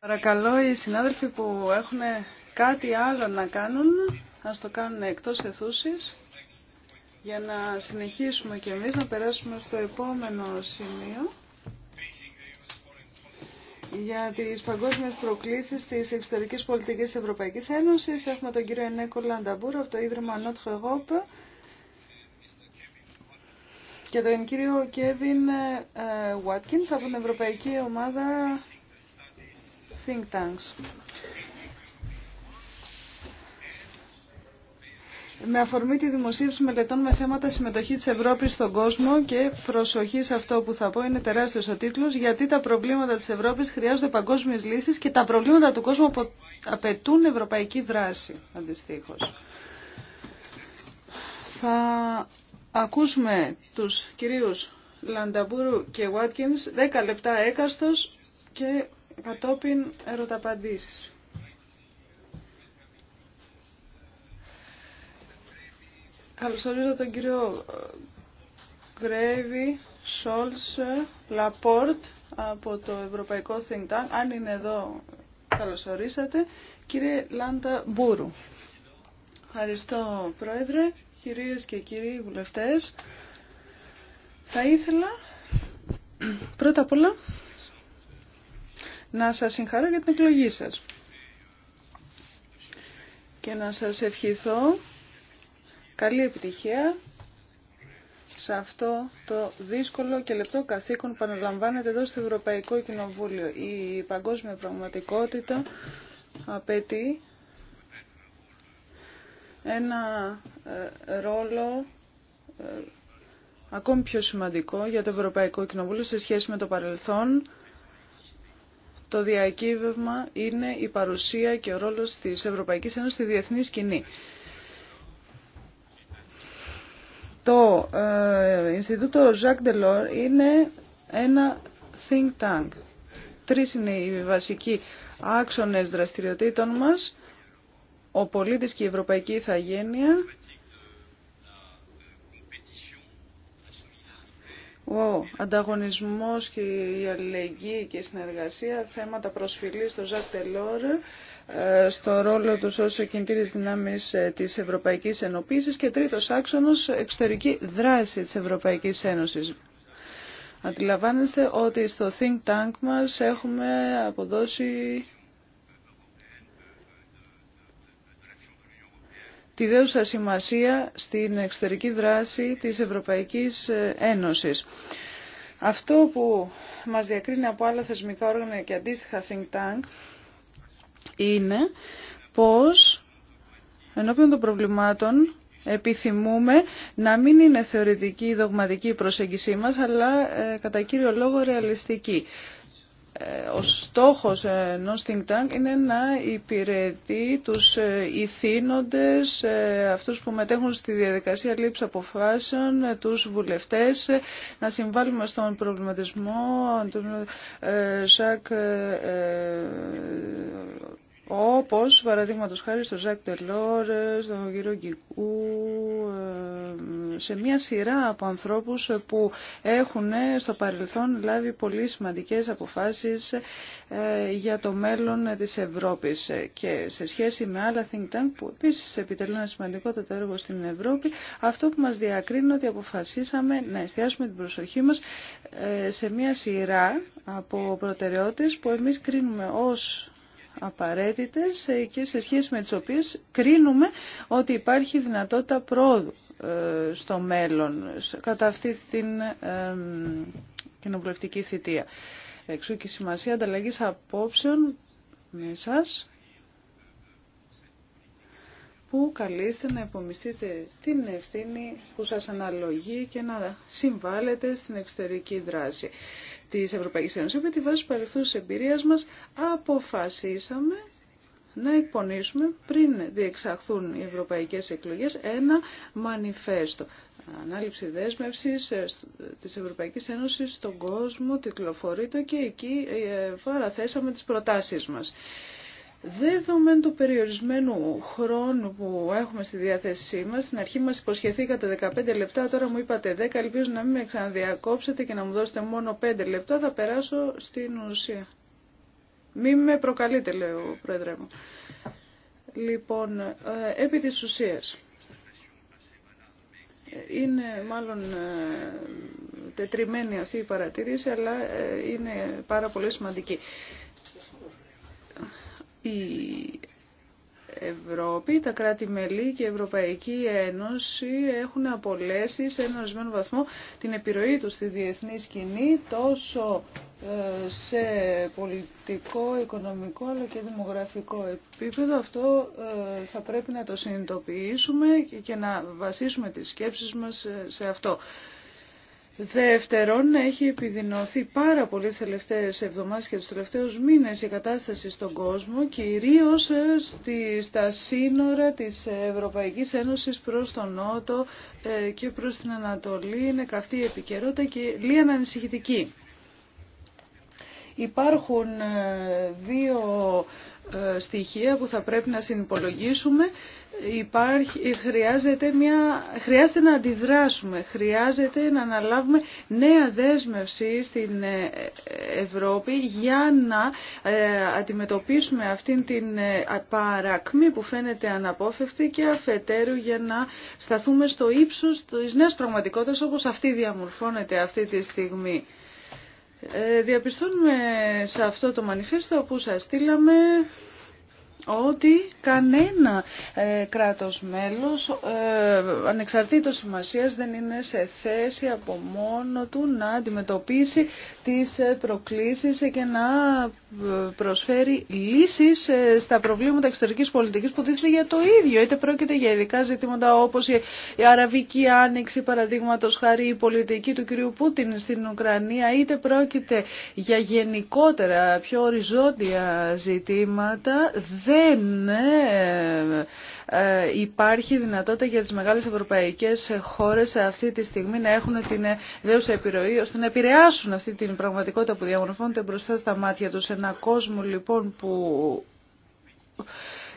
Παρακαλώ οι συνάδελφοι που έχουν κάτι άλλο να κάνουν, ας το κάνουν εκτός εθούσης, για να συνεχίσουμε και εμείς να περάσουμε στο επόμενο σημείο για τις παγκόσμιες προκλήσεις της εξωτερικής πολιτικής Ευρωπαϊκής Ένωσης. Έχουμε τον κύριο Ενέκο Λανταμπούρο από το Ίδρυμα Νότχο Εγώπ και τον κύριο Κέβιν Βάτκινς ε, ε, από την Ευρωπαϊκή Ομάδα Think Tanks. με αφορμή τη δημοσίευση μελετών με θέματα συμμετοχή της Ευρώπης στον κόσμο και προσοχή σε αυτό που θα πω είναι τεράστιος ο τίτλος γιατί τα προβλήματα της Ευρώπης χρειάζονται παγκόσμιες λύσεις και τα προβλήματα του κόσμου απαιτούν ευρωπαϊκή δράση αντιστοίχως. Θα ακούσουμε τους κυρίους Λανταμπούρου και Βάτκινς 10 λεπτά έκαστος και κατόπιν ερωταπαντήσεις. Καλωσορίζω τον κύριο ε, Γκρέβι Σόλσε Λαπόρτ από το Ευρωπαϊκό Think Tank. Αν είναι εδώ, καλωσορίσατε. Κύριε Λάντα Μπούρου. Ευχαριστώ, Πρόεδρε. Κυρίες και κύριοι βουλευτές, θα ήθελα πρώτα απ' όλα να σας συγχαρώ για την εκλογή σας και να σας ευχηθώ καλή επιτυχία σε αυτό το δύσκολο και λεπτό καθήκον που αναλαμβάνεται εδώ στο Ευρωπαϊκό Κοινοβούλιο. Η παγκόσμια πραγματικότητα απαιτεί ένα ε, ρόλο ε, ακόμη πιο σημαντικό για το Ευρωπαϊκό Κοινοβούλιο σε σχέση με το παρελθόν. Το διακύβευμα είναι η παρουσία και ο ρόλος της Ευρωπαϊκής Ένωσης στη διεθνή σκηνή. Το ε, Ινστιτούτο Jacques Delors είναι ένα think tank. Τρεις είναι οι βασικοί άξονες δραστηριοτήτων μας ο πολίτης και η ευρωπαϊκή ηθαγένεια Ο ανταγωνισμός και η αλληλεγγύη και η συνεργασία, θέματα προσφυλής στο Ζακ Τελόρ, στο ρόλο του ως κινητήρης δυνάμεις ε, της Ευρωπαϊκής Ενωπήσης και τρίτος άξονος, εξωτερική δράση της Ευρωπαϊκής Ένωσης. Αντιλαμβάνεστε ότι στο Think Tank μας έχουμε αποδώσει τη δέουσα σημασία στην εξωτερική δράση της Ευρωπαϊκής Ένωσης. Αυτό που μας διακρίνει από άλλα θεσμικά όργανα και αντίστοιχα think tank είναι πως ενώπιον των προβλημάτων επιθυμούμε να μην είναι θεωρητική ή δογματική η προσέγγισή μας, αλλά ε, κατά κύριο λόγο ρεαλιστική. Ε, ο στόχος ε, ενό think tank είναι να υπηρετεί τους ε, ηθήνοντες, αυτούς που μετέχουν στη διαδικασία λήψη αποφάσεων, τους βουλευτές, να συμβάλλουμε στον προβληματισμό. Σακ όπως παραδείγματο χάρη στο Ζακ Τελόρ, στον κύριο Γκικού, ε, σε μια σειρά από ανθρώπους που έχουν ε, στο παρελθόν λάβει πολύ σημαντικέ αποφάσεις ε, για το μέλλον της Ευρώπης και σε σχέση με άλλα think tank που επίση επιτελούν ένα σημαντικότατο έργο στην Ευρώπη, αυτό που μας διακρίνει ότι αποφασίσαμε να εστιάσουμε την προσοχή μα σε μια σειρά από προτεραιότητε που εμεί κρίνουμε ω απαραίτητες ε, και σε σχέση με τις οποίες κρίνουμε ότι υπάρχει δυνατότητα πρόοδου ε, στο μέλλον, κατά αυτή την κοινοβουλευτική θητεία. Εξού και η σημασία ανταλλαγής απόψεων με εσάς, που καλείστε να υπομειστείτε την ευθύνη που σας αναλογεί και να συμβάλλετε στην εξωτερική δράση της Ευρωπαϊκής Ένωσης. Με τη βάση παρελθούς εμπειρίας μας αποφασίσαμε να εκπονήσουμε πριν διεξαχθούν οι ευρωπαϊκές εκλογές ένα μανιφέστο. Ανάληψη δέσμευσης ε, της Ευρωπαϊκής Ένωσης στον κόσμο, τυκλοφορείτο και εκεί ε, ε, παραθέσαμε τις προτάσεις μας. Δεδομένου του περιορισμένου χρόνου που έχουμε στη διάθεσή μας, στην αρχή μας υποσχεθήκατε 15 λεπτά, τώρα μου είπατε 10, ελπίζω να μην με ξαναδιακόψετε και να μου δώσετε μόνο 5 λεπτά, θα περάσω στην ουσία. Μην με προκαλείτε, λέει ο Πρόεδρε μου. Λοιπόν, ε, επί της ουσίας. Είναι μάλλον ε, τετριμένη αυτή η παρατήρηση, αλλά ε, είναι πάρα πολύ σημαντική η Ευρώπη, τα κράτη-μελή και η Ευρωπαϊκή Ένωση έχουν απολέσει σε έναν ορισμένο βαθμό την επιρροή τους στη διεθνή σκηνή τόσο ε, σε πολιτικό, οικονομικό αλλά και δημογραφικό επίπεδο. Αυτό ε, θα πρέπει να το συνειδητοποιήσουμε και να βασίσουμε τις σκέψεις μας ε, σε αυτό. Δεύτερον, έχει επιδεινωθεί πάρα πολύ τις τελευταίες εβδομάδες και τους τελευταίους μήνες η κατάσταση στον κόσμο, κυρίως ε, στη, στα σύνορα της Ευρωπαϊκής Ένωσης προς τον Νότο ε, και προς την Ανατολή. Είναι καυτή η επικαιρότητα και λίγα ανησυχητική. Υπάρχουν ε, δύο στοιχεία που θα πρέπει να συνυπολογίσουμε υπάρχει, χρειάζεται, μια, χρειάζεται να αντιδράσουμε, χρειάζεται να αναλάβουμε νέα δέσμευση στην ε, Ευρώπη για να ε, αντιμετωπίσουμε αυτήν την ε, παρακμή που φαίνεται αναπόφευκτη και αφετέρου για να σταθούμε στο ύψος της νέας πραγματικότητας όπως αυτή διαμορφώνεται αυτή τη στιγμή. διαπιστώνουμε σε αυτό το μανιφέστο που σας στείλαμε ότι κανένα ε, κράτος μέλος, ε, ανεξαρτήτως σημασίας, δεν είναι σε θέση από μόνο του να αντιμετωπίσει τις ε, προκλήσεις και να ε, προσφέρει λύσεις ε, στα προβλήματα εξωτερικής πολιτικής που τίθεται για το ίδιο. Είτε πρόκειται για ειδικά ζητήματα όπως η Αραβική Άνοιξη, παραδείγματο χάρη η πολιτική του κυρίου Πούτιν στην Ουκρανία, είτε πρόκειται για γενικότερα πιο οριζόντια ζητήματα, δεν ναι. ε, υπάρχει δυνατότητα για τις μεγάλες ευρωπαϊκές χώρες αυτή τη στιγμή να έχουν την δέουσα επιρροή ώστε να επηρεάσουν αυτή την πραγματικότητα που διαμορφώνεται μπροστά στα μάτια τους. Ένα κόσμο λοιπόν που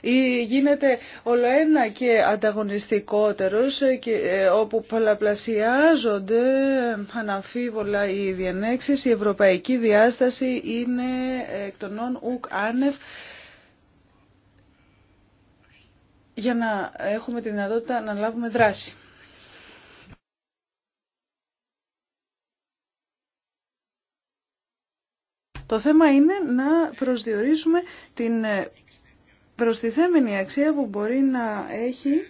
ή γίνεται όλο ένα και ανταγωνιστικότερος και, ε, όπου πολλαπλασιάζονται αναμφίβολα οι διενέξεις. γινεται ολοένα και ανταγωνιστικοτερος διάσταση είναι ε, εκ των ουκ άνευ για να έχουμε τη δυνατότητα να λάβουμε δράση. Το θέμα είναι να προσδιορίσουμε την ε, προστιθέμενη αξία που μπορεί να έχει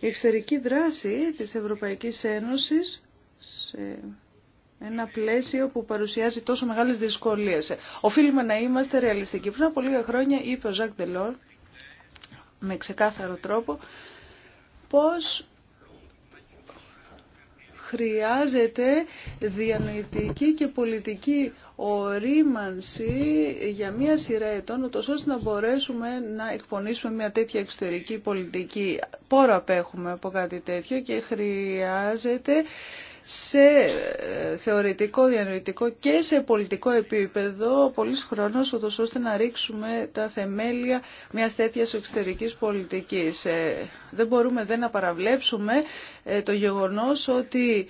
η εξωτερική δράση της Ευρωπαϊκής Ένωσης σε ένα πλαίσιο που παρουσιάζει τόσο μεγάλες δυσκολίες. Οφείλουμε να είμαστε ρεαλιστικοί. Πριν από λίγα χρόνια είπε ο Ζακ Ντελόρ με ξεκάθαρο τρόπο πώ χρειάζεται διανοητική και πολιτική ορίμανση για μία σειρά ετών, ώστε να μπορέσουμε να εκπονήσουμε μία τέτοια εξωτερική πολιτική. Πόρο απέχουμε από κάτι τέτοιο και χρειάζεται σε ε, θεωρητικό, διανοητικό και σε πολιτικό επίπεδο πολλής χρόνος ούτως ώστε να ρίξουμε τα θεμέλια μιας τέτοιας εξωτερικής πολιτικής. Ε, δεν μπορούμε δεν να παραβλέψουμε ε, το γεγονός ότι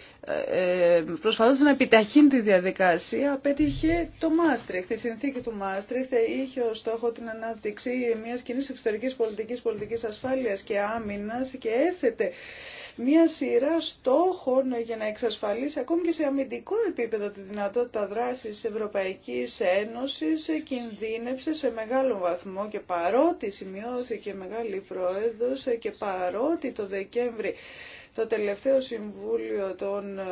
προσπαθώντας να επιταχύνει τη διαδικασία απέτυχε το Μάστριχ, Η συνθήκη του Μάστριχ είχε ως στόχο την ανάπτυξη μιας κοινή εξωτερικής πολιτικής, πολιτικής ασφάλειας και άμυνας και έθετε μία σειρά στόχων για να εξασφαλίσει ακόμη και σε αμυντικό επίπεδο τη δυνατότητα δράσης της Ευρωπαϊκής Ένωσης κινδύνευσε σε μεγάλο βαθμό και παρότι σημειώθηκε μεγάλη πρόεδρος και παρότι το Δεκέμβρη το τελευταίο Συμβούλιο των ε,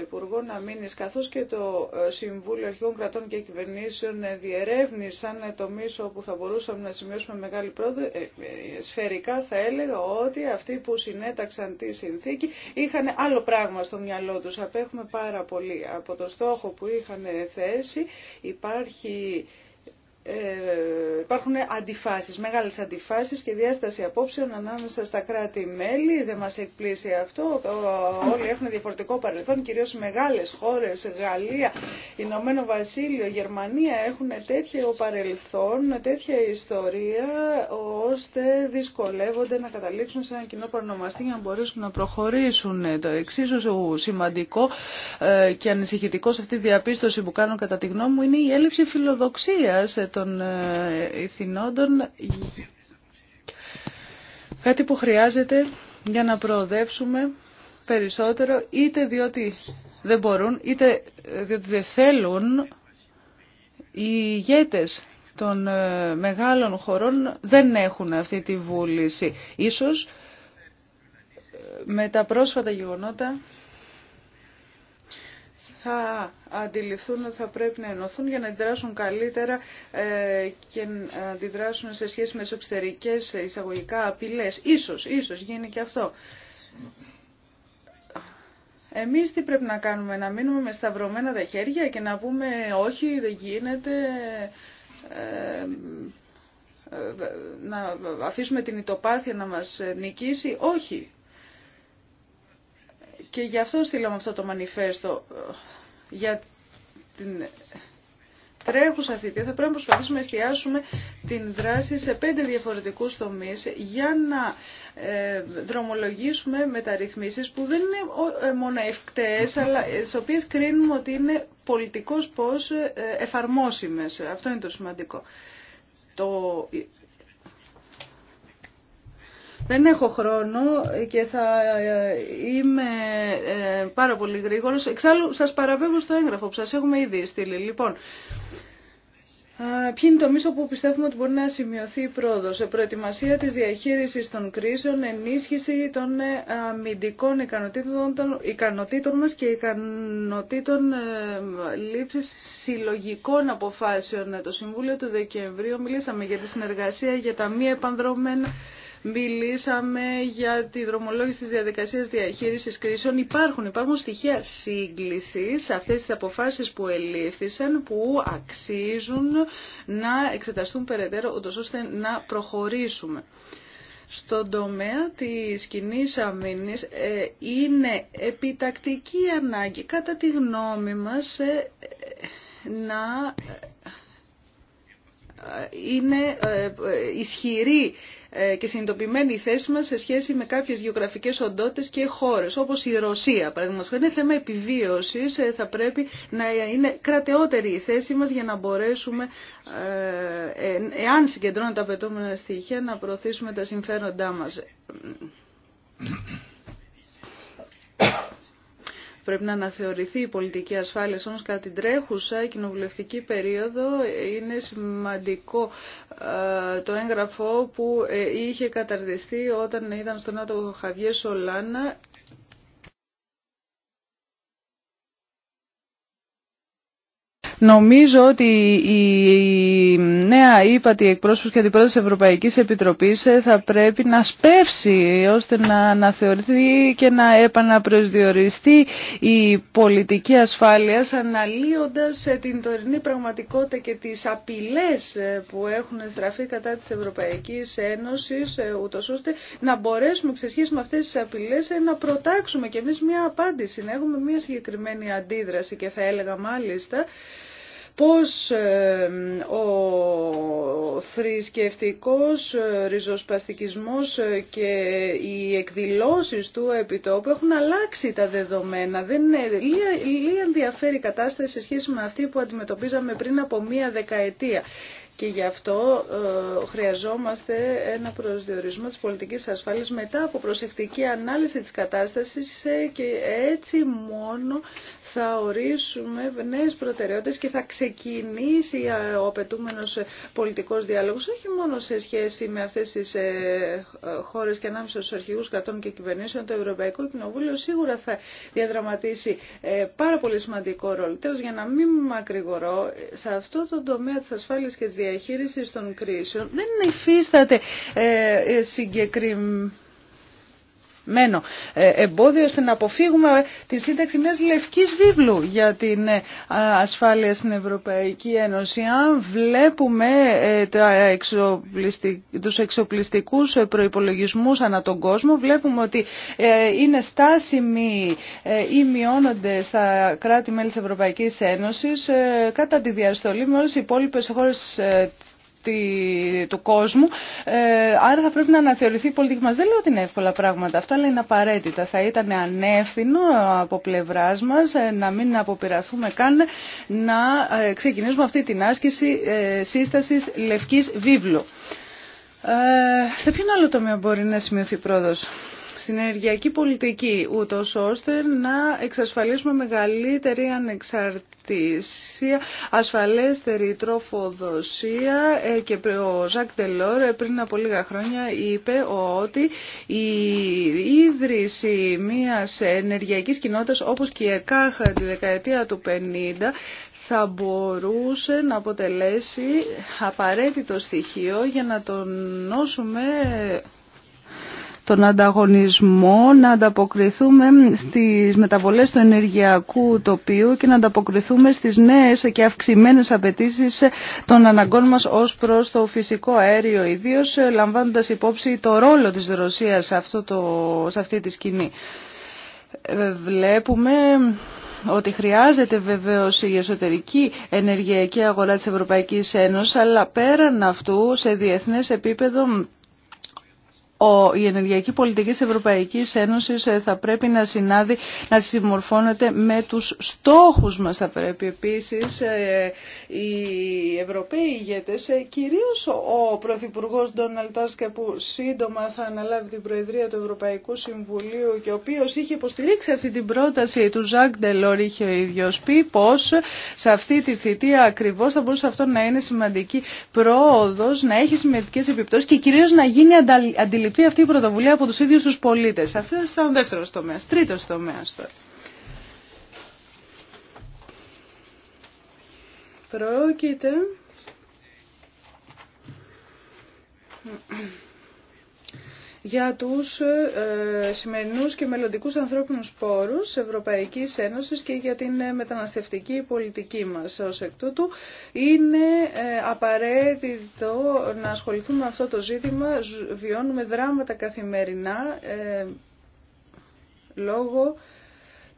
Υπουργών Αμήνης καθώς και το ε, Συμβούλιο Αρχηγών Κρατών και Κυβερνήσεων ε, διερεύνησαν το μίσο όπου θα μπορούσαμε να σημειώσουμε μεγάλη πρόοδο. Σφαιρικά θα έλεγα ότι αυτοί που συνέταξαν τη συνθήκη είχαν άλλο πράγμα στο μυαλό τους. Απέχουμε πάρα πολύ από το στόχο που είχαν θέσει. Υπάρχει ε, υπάρχουν αντιφάσεις, μεγάλες αντιφάσεις και διάσταση απόψεων ανάμεσα στα κράτη-μέλη. Δεν μας εκπλήσει αυτό. Όλοι έχουν διαφορετικό παρελθόν, κυρίως μεγάλες χώρες, Γαλλία, Ηνωμένο Βασίλειο, Γερμανία έχουν τέτοιο παρελθόν, τέτοια ιστορία, ώστε δυσκολεύονται να καταλήξουν σε ένα κοινό παρονομαστή για να μπορέσουν να προχωρήσουν. Ε, το εξίσου σημαντικό ε, και ανησυχητικό σε αυτή τη διαπίστωση που κάνω κατά τη γνώμη μου είναι η έλλειψη φιλοδοξίας των ε, ηθινόντων, κάτι που χρειάζεται για να προοδεύσουμε περισσότερο, είτε διότι δεν μπορούν, είτε διότι δεν θέλουν οι ηγέτες των ε, μεγάλων χωρών δεν έχουν αυτή τη βούληση. Ίσως ε, με τα πρόσφατα γεγονότα θα αντιληφθούν ότι θα πρέπει να ενωθούν για να αντιδράσουν καλύτερα ε, και να αντιδράσουν σε σχέση με τις εισαγωγικά απειλέ. Ίσως, ίσως γίνει και αυτό. Εμείς τι πρέπει να κάνουμε, να μείνουμε με σταυρωμένα τα χέρια και να πούμε όχι, δεν γίνεται, ε, ε, να αφήσουμε την ητοπάθεια να μας νικήσει. Όχι, και γι' αυτό στείλαμε αυτό το μανιφέστο ε, για την τρέχουσα θητεία θα πρέπει να προσπαθήσουμε να εστιάσουμε την δράση σε πέντε διαφορετικούς τομείς για να ε, δρομολογήσουμε μεταρρυθμίσεις που δεν είναι ε, μόνο ευκταίες αλλά τις οποίες κρίνουμε ότι είναι πολιτικός πώς εφαρμόσιμες. Αυτό είναι το σημαντικό. Το δεν έχω χρόνο και θα ε, είμαι ε, πάρα πολύ γρήγορος. Εξάλλου σας παραβεύω στο έγγραφο που σας έχουμε ήδη στείλει. Λοιπόν, Ποιοι είναι το μίσο που πιστεύουμε ότι μπορεί να σημειωθεί η πρόοδος. Προετοιμασία της διαχείρισης των κρίσεων, ενίσχυση των ε, αμυντικών ικανοτήτων, των ικανοτήτων μας και ικανοτήτων λήψη λήψης συλλογικών αποφάσεων. Το Συμβούλιο του Δεκεμβρίου μιλήσαμε για τη συνεργασία για τα μη επανδρομένα Μιλήσαμε για τη δρομολόγηση της διαδικασίας διαχείρισης κρίσεων. Υπάρχουν, υπάρχουν στοιχεία σύγκλησης σε αυτές τις αποφάσεις που ελήφθησαν που αξίζουν να εξεταστούν περαιτέρω ούτως ώστε να προχωρήσουμε. Στον τομέα της κοινή αμήνης ε, είναι επιτακτική ανάγκη κατά τη γνώμη μας ε, να είναι ε, ισχυρή ε, και συνειδητοποιημένη η θέση μας σε σχέση με κάποιες γεωγραφικές οντότητες και χώρες, όπως η Ρωσία, Είναι θέμα επιβίωσης, ε, θα πρέπει να είναι κρατεότερη η θέση μας για να μπορέσουμε, εάν συγκεντρώνουν τα απαιτούμενα στοιχεία, να προωθήσουμε τα συμφέροντά μας. Πρέπει να αναθεωρηθεί η πολιτική ασφάλεια Όμω κατά την τρέχουσα κοινοβουλευτική περίοδο. Είναι σημαντικό ε, το έγγραφο που ε, είχε καταρτιστεί όταν ήταν στον Άτομο Χαβιέ Σολάνα Νομίζω ότι η νέα ύπατη εκπρόσωπος και αντιπρόεδρος της Ευρωπαϊκής Επιτροπής ε, θα πρέπει να σπεύσει ώστε να αναθεωρηθεί και να επαναπροσδιοριστεί η πολιτική ασφάλειας αναλύοντας ε, την τωρινή πραγματικότητα και τις απειλές ε, που έχουν στραφεί κατά της Ευρωπαϊκής Ένωσης ούτως ώστε να μπορέσουμε σχέση με αυτές τις απειλές να προτάξουμε και εμείς μια απάντηση, να έχουμε μια συγκεκριμένη αντίδραση και θα έλεγα μάλιστα πώς ο θρησκευτικός ε, ριζοσπαστικισμός ε, και οι εκδηλώσεις του επιτόπου έχουν αλλάξει τα δεδομένα. Δεν είναι ενδιαφέρει η κατάσταση σε σχέση με αυτή που αντιμετωπίζαμε πριν από μία δεκαετία. Και γι' αυτό ε, χρειαζόμαστε ένα προσδιορισμό της πολιτικής ασφάλειας μετά από προσεκτική ανάλυση της κατάστασης και έτσι μόνο θα ορίσουμε νέες προτεραιότητες και θα ξεκινήσει ε, ο απαιτούμενος πολιτικός διάλογος όχι μόνο σε σχέση με αυτές τις ε, χώρες και ανάμεσα στους αρχηγούς κρατών και κυβερνήσεων το Ευρωπαϊκό Κοινοβούλιο σίγουρα θα διαδραματίσει ε, πάρα πολύ σημαντικό ρόλο. Τέλος για να μην μακρηγορώ σε αυτό το τομέα της ασφάλειας και της διαχείρισης των κρίσεων δεν υφίσταται συγκεκριμένο μένο ε, εμπόδιο ώστε να αποφύγουμε ε, τη σύνταξη μιας λευκής βίβλου για την ε, ασφάλεια στην Ευρωπαϊκή Ένωση. Αν βλέπουμε τα εξοπλιστικ... τους εξοπλιστικούς προϋπολογισμούς ανά τον κόσμο, βλέπουμε ότι είναι στάσιμοι ή μειώνονται στα κράτη-μέλη της Ευρωπαϊκής Ένωσης κατά τη διαστολή με όλες οι υπόλοιπες χώρες του κόσμου. Ε, άρα θα πρέπει να αναθεωρηθεί η πολιτική μα. Δεν λέω ότι είναι εύκολα πράγματα αυτά, αλλά είναι απαραίτητα. Θα ήταν ανεύθυνο από πλευρά μας ε, να μην αποπειραθούμε καν να ε, ξεκινήσουμε αυτή την άσκηση σύσταση λευκής βίβλου. σε ποιον άλλο τομέα μπορεί να σημειωθεί πρόοδος στην ενεργειακή πολιτική, ούτω ώστε να εξασφαλίσουμε μεγαλύτερη ανεξαρτησία, ασφαλέστερη τροφοδοσία ε, και ο Ζακ Τελόρ ε, πριν από λίγα χρόνια είπε ότι η ίδρυση μιας ενεργειακής κοινότητας όπως και η ΕΚΑΧ τη δεκαετία του 50 θα μπορούσε να αποτελέσει απαραίτητο στοιχείο για να τονώσουμε τον ανταγωνισμό, να ανταποκριθούμε στις μεταβολές του ενεργειακού τοπίου και να ανταποκριθούμε στις νέες και αυξημένες απαιτήσεις των αναγκών μας ως προς το φυσικό αέριο, ιδίως λαμβάνοντας υπόψη το ρόλο της Ρωσίας σε, αυτό το, αυτή τη σκηνή. Ε, βλέπουμε ότι χρειάζεται βεβαίως η εσωτερική ενεργειακή αγορά της Ευρωπαϊκής Ένωσης, αλλά πέραν αυτού σε διεθνές επίπεδο ο, η ενεργειακή πολιτική της Ευρωπαϊκής Ένωσης ε, θα πρέπει να συνάδει, να συμμορφώνεται με τους στόχους μας. Θα πρέπει επίσης ε, οι Ευρωπαίοι ηγέτες, ε, κυρίως ο Πρωθυπουργό Ντόναλτ Τάσκα που σύντομα θα αναλάβει την Προεδρία του Ευρωπαϊκού Συμβουλίου και ο οποίος είχε υποστηρίξει αυτή την πρόταση του Ζακ Ντελόρ, είχε ο ίδιος πει πως σε αυτή τη θητεία ακριβώς θα μπορούσε αυτό να είναι σημαντική πρόοδος, να έχει σημαντικές επιπτώσεις και κυρίω να γίνει αντιληπτική αυτή η πρωτοβουλία από τους ίδιους τους πολίτες. Αυτό ήταν ο δεύτερο τομέας. τρίτο τομέας τώρα. Πρόκειται για τους ε, σημερινούς και μελλοντικούς ανθρώπινους πόρους ευρωπαϊκή Ευρωπαϊκής Ένωσης και για την ε, μεταναστευτική πολιτική μας. Ως εκ τούτου είναι ε, απαραίτητο να ασχοληθούμε με αυτό το ζήτημα. Βιώνουμε δράματα καθημερινά λόγω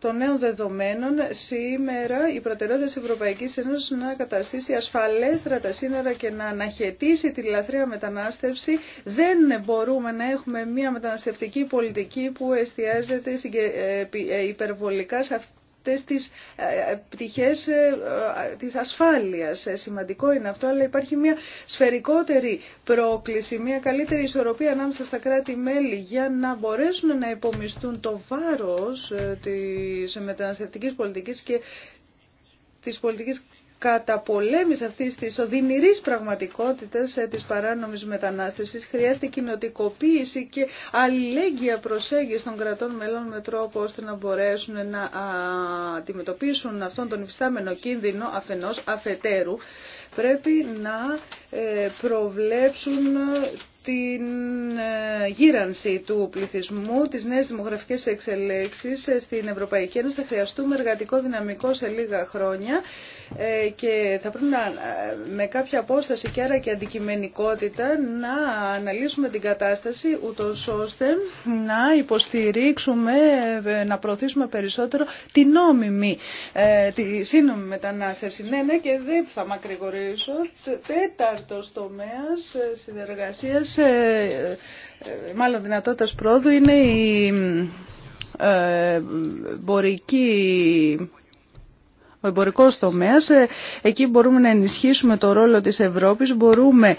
των νέων δεδομένων σήμερα η προτεραιότητα της Ευρωπαϊκής Ένωσης να καταστήσει ασφαλέστερα τα σύνορα και να αναχαιτήσει τη λαθρέα μετανάστευση. Δεν μπορούμε να έχουμε μια μεταναστευτική πολιτική που εστιάζεται ε, ε, υπερβολικά σε αυτή αυτές τις ε, ε, πτυχές ε, της ασφάλειας. Σημαντικό είναι αυτό, αλλά υπάρχει μια σφαιρικότερη πρόκληση, μια καλύτερη ισορροπία ανάμεσα στα κράτη-μέλη για να μπορέσουν να υπομισθούν το βάρος της μεταναστευτικής πολιτικής και της πολιτικής καταπολέμηση αυτής της οδυνηρής πραγματικότητας ε, της παράνομης μετανάστευσης χρειάζεται κοινοτικοποίηση και αλληλέγγυα προσέγγιση των κρατών μελών με τρόπο ώστε να μπορέσουν να αντιμετωπίσουν αυτόν τον υφιστάμενο κίνδυνο αφενός αφετέρου πρέπει να ε, προβλέψουν την ε, γύρανση του πληθυσμού, τις νέες δημογραφικές εξελέξεις στην Ευρωπαϊκή Ένωση. Θα χρειαστούμε εργατικό δυναμικό σε λίγα χρόνια ε, και θα πρέπει να, με κάποια απόσταση και άρα και αντικειμενικότητα να αναλύσουμε την κατάσταση ούτως ώστε να υποστηρίξουμε, ε, να προωθήσουμε περισσότερο τη νόμιμη, ε, τη σύνομη μετανάστευση. Ναι, ναι και δεν θα μακρηγορήσω. Τέταρτος τομέας συνεργασίας, μάλλον δυνατότητας πρόοδου είναι η μπορική ο εμπορικός τομέας. Ε, εκεί μπορούμε να ενισχύσουμε το ρόλο της Ευρώπης, μπορούμε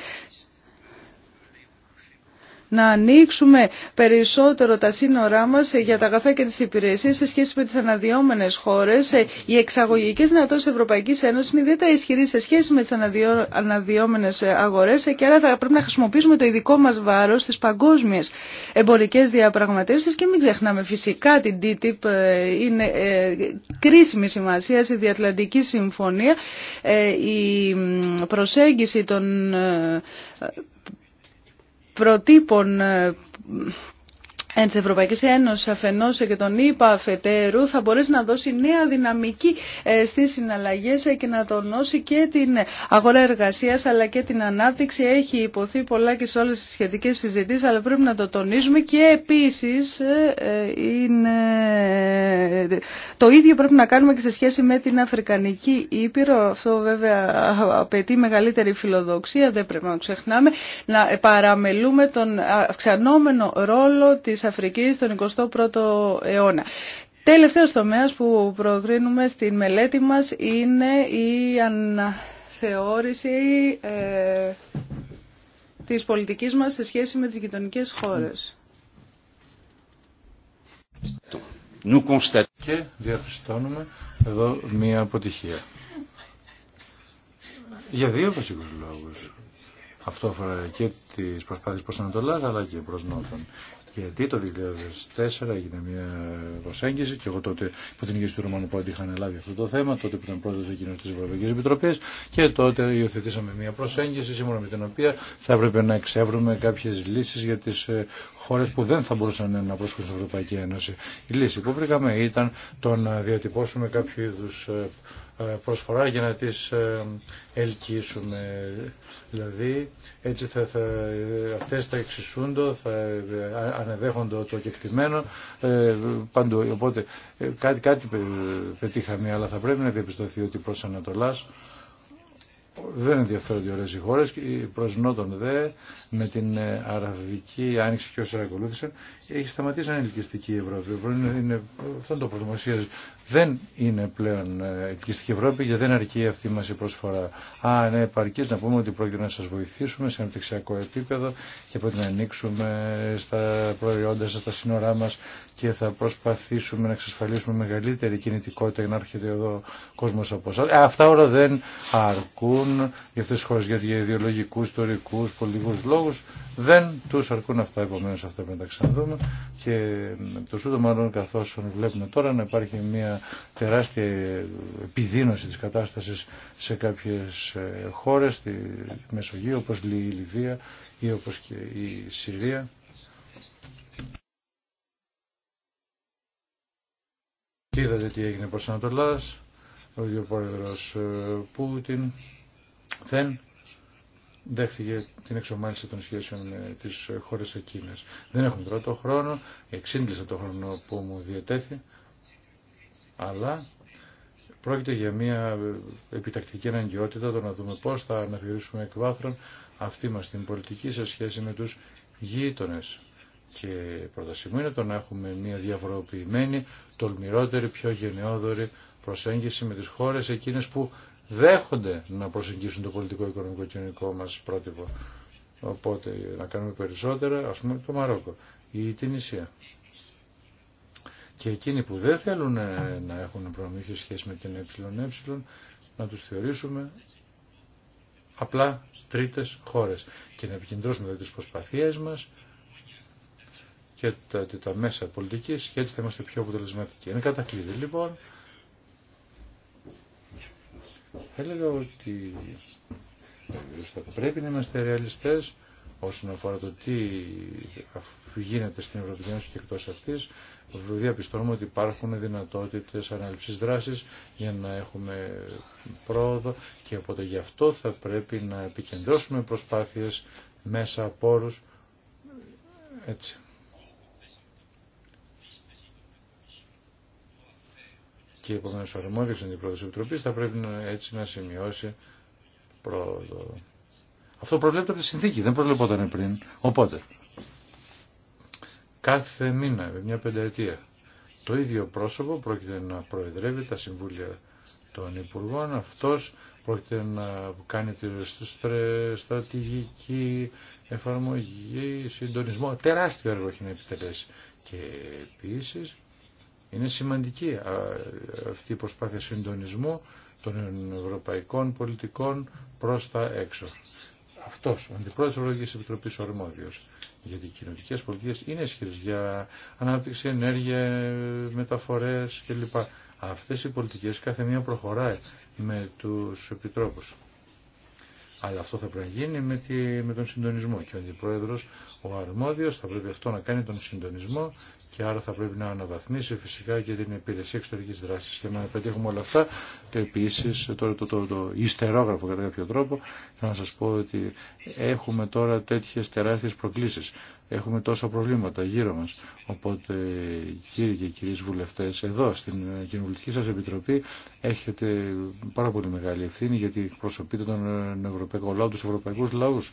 να ανοίξουμε περισσότερο τα σύνορά μας για τα αγαθά και τις υπηρεσίες σε σχέση με τις αναδυόμενες χώρες. Οι εξαγωγικές δυνατότητες Ευρωπαϊκής Ένωσης είναι ιδιαίτερα ισχυροί σε σχέση με τις αναδυόμενες αγορές και άρα θα πρέπει να χρησιμοποιήσουμε το ειδικό μας βάρος στις παγκόσμιες εμπορικές διαπραγματεύσεις και μην ξεχνάμε φυσικά την TTIP ε, είναι ε, κρίσιμη σημασία στη Διατλαντική Συμφωνία ε, η προσέγγιση των προτύπων ε, της Ευρωπαϊκής Ένωσης αφενός και τον ΗΠΑ αφετέρου θα μπορέσει να δώσει νέα δυναμική ε, στις συναλλαγές ε, και να τονώσει και την αγορά εργασίας αλλά και την ανάπτυξη. Έχει υποθεί πολλά και σε όλες τις σχετικές συζητήσεις αλλά πρέπει να το τονίζουμε και επίσης ε, είναι... το ίδιο πρέπει να κάνουμε και σε σχέση με την Αφρικανική Ήπειρο. Αυτό βέβαια απαιτεί μεγαλύτερη φιλοδοξία, δεν πρέπει να το ξεχνάμε, να παραμελούμε τον αυξανόμενο ρόλο της Αφρικής τον 21ο αιώνα. Τελευταίος τομέας που προκρίνουμε στην μελέτη μας είναι η αναθεώρηση ε, της πολιτικής μας σε σχέση με τις γειτονικέ χώρες. Και διαπιστώνουμε εδώ μία αποτυχία. Για δύο βασικούς λόγους. Αυτό αφορά και τις προσπάθειες προς Ανατολάς αλλά και προς Νότον γιατί το 2004 έγινε μια προσέγγιση και εγώ τότε που την ηγεσία του Ρωμανού Πόντι είχα αναλάβει αυτό το θέμα, τότε που ήταν πρόεδρο εκείνο τη Ευρωπαϊκή Επιτροπή και τότε υιοθετήσαμε μια προσέγγιση σύμφωνα με την οποία θα έπρεπε να εξεύρουμε κάποιε λύσει για τι ε, χώρε που δεν θα μπορούσαν να προσχωρήσουν στην Ευρωπαϊκή Ένωση. Η λύση που βρήκαμε ήταν το να διατυπώσουμε κάποιο είδου ε, ε, προσφορά για να τις ε, ελκύσουμε. Δηλαδή έτσι θα, θα, αυτές θα εξισούντο, θα ε, ανεδέχονται το κεκτημένο παντού. Οπότε κάτι, κάτι πετύχαμε αλλά θα πρέπει να διαπιστωθεί ότι προς Ανατολάς δεν ενδιαφέρονται όλε οι χώρες, προς νότον δε, με την ε, αραβική άνοιξη και όσα ακολούθησαν, έχει σταματήσει ελκυστική η Ευρώπη. Είναι, είναι, αυτό το πρωτομοσία. Δεν είναι πλέον ε, ελκυστική η Ευρώπη γιατί δεν αρκεί αυτή μα η προσφορά. Α, ναι, επαρκεί να πούμε ότι πρόκειται να σα βοηθήσουμε σε αναπτυξιακό επίπεδο και πρέπει να ανοίξουμε στα προϊόντα σα, στα σύνορά μα και θα προσπαθήσουμε να εξασφαλίσουμε μεγαλύτερη κινητικότητα για να έρχεται εδώ κόσμο από εσά. Ε, αυτά όλα δεν αρκούν για αυτές τις χώρες για ιδεολογικούς, ιστορικούς, πολιτικούς λόγους δεν τους αρκούν αυτά. Επομένως αυτά πρέπει να τα ξαναδούμε και το σούτο μάλλον καθώς βλέπουμε τώρα να υπάρχει μια τεράστια επιδείνωση της κατάστασης σε κάποιες ε, χώρες, στη Μεσογείο όπως η Λιβύα ή όπως και η Συρία. είδατε τι έγινε προς Ανατολάς, ο ίδιο πρόεδρος ε, Πούτιν δεν δέχτηκε την εξομάλυνση των σχέσεων με τις χώρες εκείνες. Δεν έχουμε τώρα το χρόνο, εξήγησα το χρόνο που μου διατέθη, αλλά πρόκειται για μια επιτακτική αναγκαιότητα το να δούμε πώς θα αναθεωρήσουμε εκ βάθρων αυτή μας την πολιτική σε σχέση με τους γείτονες. Και πρότασή μου είναι το να έχουμε μια διαφοροποιημένη, τολμηρότερη, πιο γενναιόδορη προσέγγιση με τις χώρες εκείνες που δέχονται να προσεγγίσουν το πολιτικό, οικονομικό, κοινωνικό μας πρότυπο. Οπότε να κάνουμε περισσότερα, ας πούμε το Μαρόκο ή την Ισία. Και εκείνοι που δεν θέλουν ε, να έχουν προνομιούχες σχέση με την ΕΕ, να τους θεωρήσουμε απλά τρίτες χώρες και να επικεντρώσουμε δηλαδή τις προσπαθίες μας και τα, τα, μέσα πολιτικής και έτσι θα είμαστε πιο αποτελεσματικοί. Είναι κατακλείδη λοιπόν Έλεγα ότι θα πρέπει να είμαστε ρεαλιστές όσον αφορά το τι γίνεται στην Ευρωπαϊκή Ένωση και εκτός αυτής. Διαπιστώνουμε ότι υπάρχουν δυνατότητες ανάληψης δράσης για να έχουμε πρόοδο και οπότε γι' αυτό θα πρέπει να επικεντρώσουμε προσπάθειες μέσα από όρους. Έτσι. και επομένω ο αρμόδιο αντιπρόεδρο τη Επιτροπή θα πρέπει να, έτσι να σημειώσει πρόοδο. Αυτό προβλέπεται από τη συνθήκη, δεν προβλεπόταν πριν. Οπότε, κάθε μήνα, μια πενταετία, το ίδιο πρόσωπο πρόκειται να προεδρεύει τα συμβούλια των Υπουργών. Αυτός πρόκειται να κάνει τη στρατηγική εφαρμογή, συντονισμό. Τεράστιο έργο έχει να επιτελέσει. Και επίσης είναι σημαντική αυτή η προσπάθεια συντονισμού των ευρωπαϊκών πολιτικών προς τα έξω. Αυτός, ο αντιπρόεδρος Ευρωπαϊκής Επιτροπής Ορμόδιος, Γιατί οι κοινωνικές πολιτικές είναι ισχυρές για ανάπτυξη, ενέργεια, μεταφορές κλπ. Αυτές οι πολιτικές κάθε μία προχωράει με τους επιτρόπους. Αλλά αυτό θα πρέπει να γίνει με, με τον συντονισμό και ο αντιπρόεδρο, ο αρμόδιος, θα πρέπει αυτό να κάνει τον συντονισμό και άρα θα πρέπει να αναβαθμίσει φυσικά και την υπηρεσία εξωτερική δράση. και να πετύχουμε όλα αυτά και επίση τώρα το, το, το, ιστερόγραφο κατά κάποιο τρόπο θα σα σας πω ότι έχουμε τώρα τέτοιε τεράστιε προκλήσει έχουμε τόσα προβλήματα γύρω μας. Οπότε κύριοι και κυρίες βουλευτές, εδώ στην Κοινοβουλευτική σας Επιτροπή έχετε πάρα πολύ μεγάλη ευθύνη γιατί εκπροσωπείτε τον Ευρωπαϊκό λαό, τους ευρωπαϊκούς λαούς,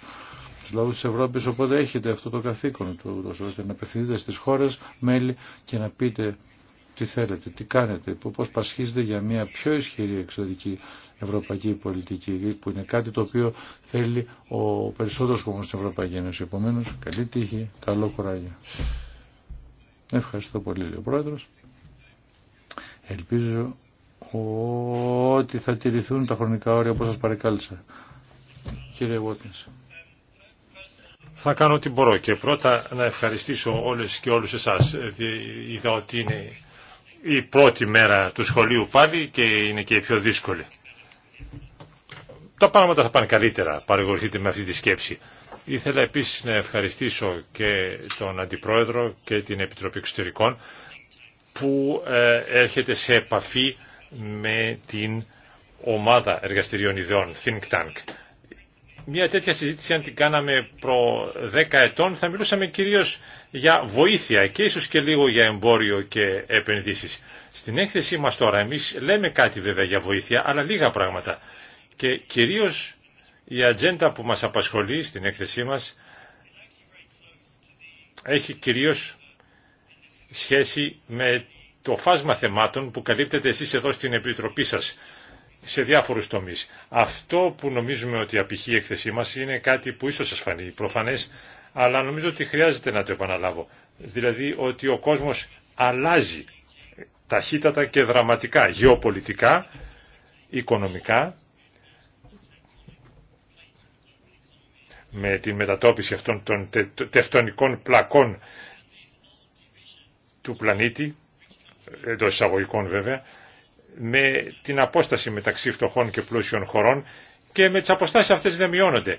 τους λαούς της Ευρώπης, οπότε έχετε αυτό το καθήκον του, ώστε να απευθυνθείτε στις χώρες, μέλη και να πείτε τι θέλετε, τι κάνετε, πώς πασχίζετε για μια πιο ισχυρή εξωτερική ευρωπαϊκή πολιτική, που είναι κάτι το οποίο θέλει ο περισσότερος κομμός της Ευρωπαϊκής Ένωσης. Επομένως, καλή τύχη, καλό κουράγιο. Ευχαριστώ πολύ, λέει ο Πρόεδρος. Ελπίζω ότι θα τηρηθούν τα χρονικά όρια όπως σας παρεκάλεσα. Κύριε Βότνης. Θα κάνω ό,τι μπορώ και πρώτα να ευχαριστήσω όλες και όλους εσάς. Είδα ότι είναι η πρώτη μέρα του σχολείου πάλι και είναι και η πιο δύσκολη. Τα πράγματα θα πάνε καλύτερα, παρηγορηθείτε με αυτή τη σκέψη. Ήθελα επίσης να ευχαριστήσω και τον Αντιπρόεδρο και την Επιτροπή Εξωτερικών που ε, έρχεται σε επαφή με την ομάδα εργαστηριών ιδεών, Think Tank μια τέτοια συζήτηση αν την κάναμε προ 10 ετών θα μιλούσαμε κυρίως για βοήθεια και ίσως και λίγο για εμπόριο και επενδύσεις. Στην έκθεσή μας τώρα εμείς λέμε κάτι βέβαια για βοήθεια αλλά λίγα πράγματα και κυρίως η ατζέντα που μας απασχολεί στην έκθεσή μας έχει κυρίως σχέση με το φάσμα θεμάτων που καλύπτεται εσείς εδώ στην Επιτροπή σας σε διάφορους τομείς. Αυτό που νομίζουμε ότι απηχεί η έκθεσή μας είναι κάτι που ίσως σας φανεί προφανές, αλλά νομίζω ότι χρειάζεται να το επαναλάβω. Δηλαδή ότι ο κόσμος αλλάζει ταχύτατα και δραματικά, γεωπολιτικά, οικονομικά, με την μετατόπιση αυτών των τευτονικών πλακών του πλανήτη, εντό εισαγωγικών βέβαια, με την απόσταση μεταξύ φτωχών και πλούσιων χωρών και με τις αποστάσεις αυτές δεν μειώνονται.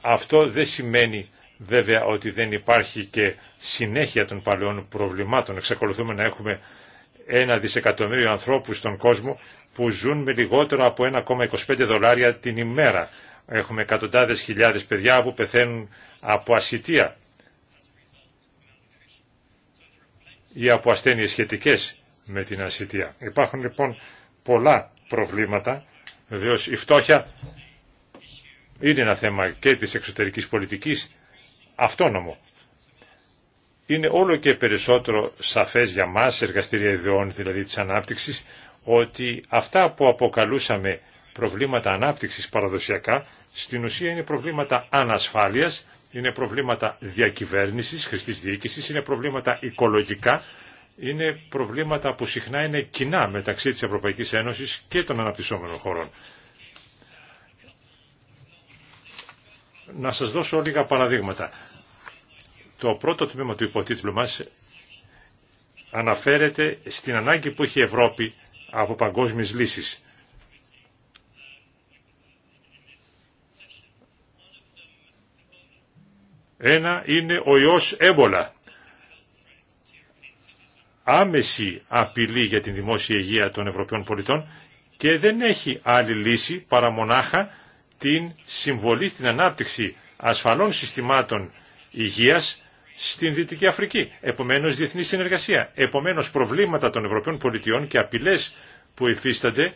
Αυτό δεν σημαίνει βέβαια ότι δεν υπάρχει και συνέχεια των παλαιών προβλημάτων. Εξακολουθούμε να έχουμε ένα δισεκατομμύριο ανθρώπους στον κόσμο που ζουν με λιγότερο από 1,25 δολάρια την ημέρα. Έχουμε εκατοντάδες χιλιάδες παιδιά που πεθαίνουν από ασυτεία ή από ασθένειες σχετικές με την ασυτεία. Υπάρχουν λοιπόν πολλά προβλήματα, βεβαίως η φτώχεια είναι ένα θέμα και της εξωτερικής πολιτικής αυτόνομο. Είναι όλο και περισσότερο σαφές για μας, εργαστήρια ιδεών δηλαδή της ανάπτυξης, ότι αυτά που αποκαλούσαμε προβλήματα ανάπτυξης παραδοσιακά, στην ουσία είναι προβλήματα ανασφάλειας, είναι προβλήματα διακυβέρνησης, χρηστής διοίκησης, είναι προβλήματα οικολογικά είναι προβλήματα που συχνά είναι κοινά μεταξύ της Ευρωπαϊκής Ένωσης και των αναπτυσσόμενων χωρών. Να σας δώσω λίγα παραδείγματα. Το πρώτο τμήμα του υποτίτλου μας αναφέρεται στην ανάγκη που έχει η Ευρώπη από παγκόσμιες λύσεις. Ένα είναι ο ιός έμπολα άμεση απειλή για την δημόσια υγεία των Ευρωπαίων πολιτών και δεν έχει άλλη λύση παρά μονάχα την συμβολή στην ανάπτυξη ασφαλών συστημάτων υγείας στην Δυτική Αφρική. Επομένως διεθνή συνεργασία. Επομένως προβλήματα των Ευρωπαίων πολιτιών και απειλές που υφίστανται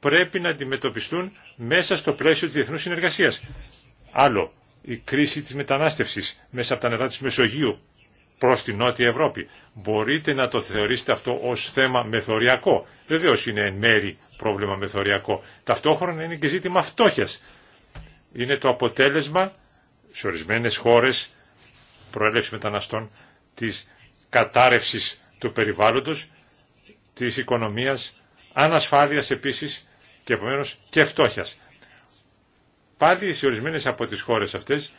πρέπει να αντιμετωπιστούν μέσα στο πλαίσιο της διεθνούς συνεργασίας. Άλλο, η κρίση της μετανάστευσης μέσα από τα νερά της Μεσογείου προς την Νότια Ευρώπη. Μπορείτε να το θεωρήσετε αυτό ως θέμα μεθοριακό. Βεβαίως είναι εν μέρη πρόβλημα μεθοριακό. Ταυτόχρονα είναι και ζήτημα φτώχειας. Είναι το αποτέλεσμα σε ορισμένε χώρες προέλευση μεταναστών της κατάρρευσης του περιβάλλοντος, της οικονομίας, ανασφάλειας επίσης και επομένως και φτώχειας. Πάλι σε ορισμένες από τις χώρες αυτές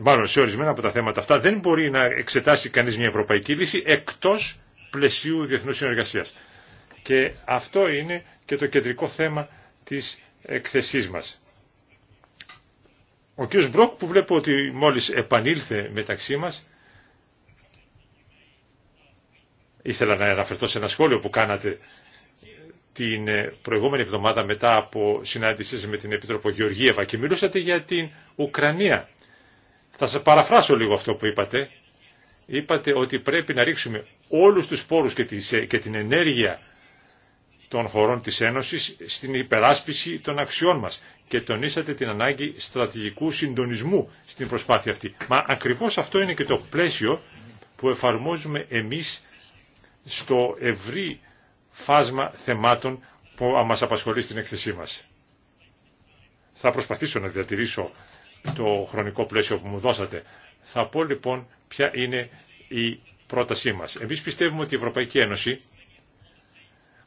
μάλλον σε ορισμένα από τα θέματα αυτά δεν μπορεί να εξετάσει κανείς μια ευρωπαϊκή λύση εκτός πλαισίου διεθνούς συνεργασίας. Και αυτό είναι και το κεντρικό θέμα της εκθεσής μας. Ο κ. Μπρόκ που βλέπω ότι μόλις επανήλθε μεταξύ μας ήθελα να αναφερθώ σε ένα σχόλιο που κάνατε την προηγούμενη εβδομάδα μετά από συνάντησες με την Επίτροπο Γεωργίευα και μιλούσατε για την Ουκρανία θα σας παραφράσω λίγο αυτό που είπατε. Είπατε ότι πρέπει να ρίξουμε όλους τους πόρους και την ενέργεια των χωρών της Ένωσης στην υπεράσπιση των αξιών μας και τονίσατε την ανάγκη στρατηγικού συντονισμού στην προσπάθεια αυτή. Μα ακριβώς αυτό είναι και το πλαίσιο που εφαρμόζουμε εμείς στο ευρύ φάσμα θεμάτων που μας απασχολεί στην έκθεσή μας. Θα προσπαθήσω να διατηρήσω το χρονικό πλαίσιο που μου δώσατε. Θα πω λοιπόν ποια είναι η πρότασή μας. Εμείς πιστεύουμε ότι η Ευρωπαϊκή Ένωση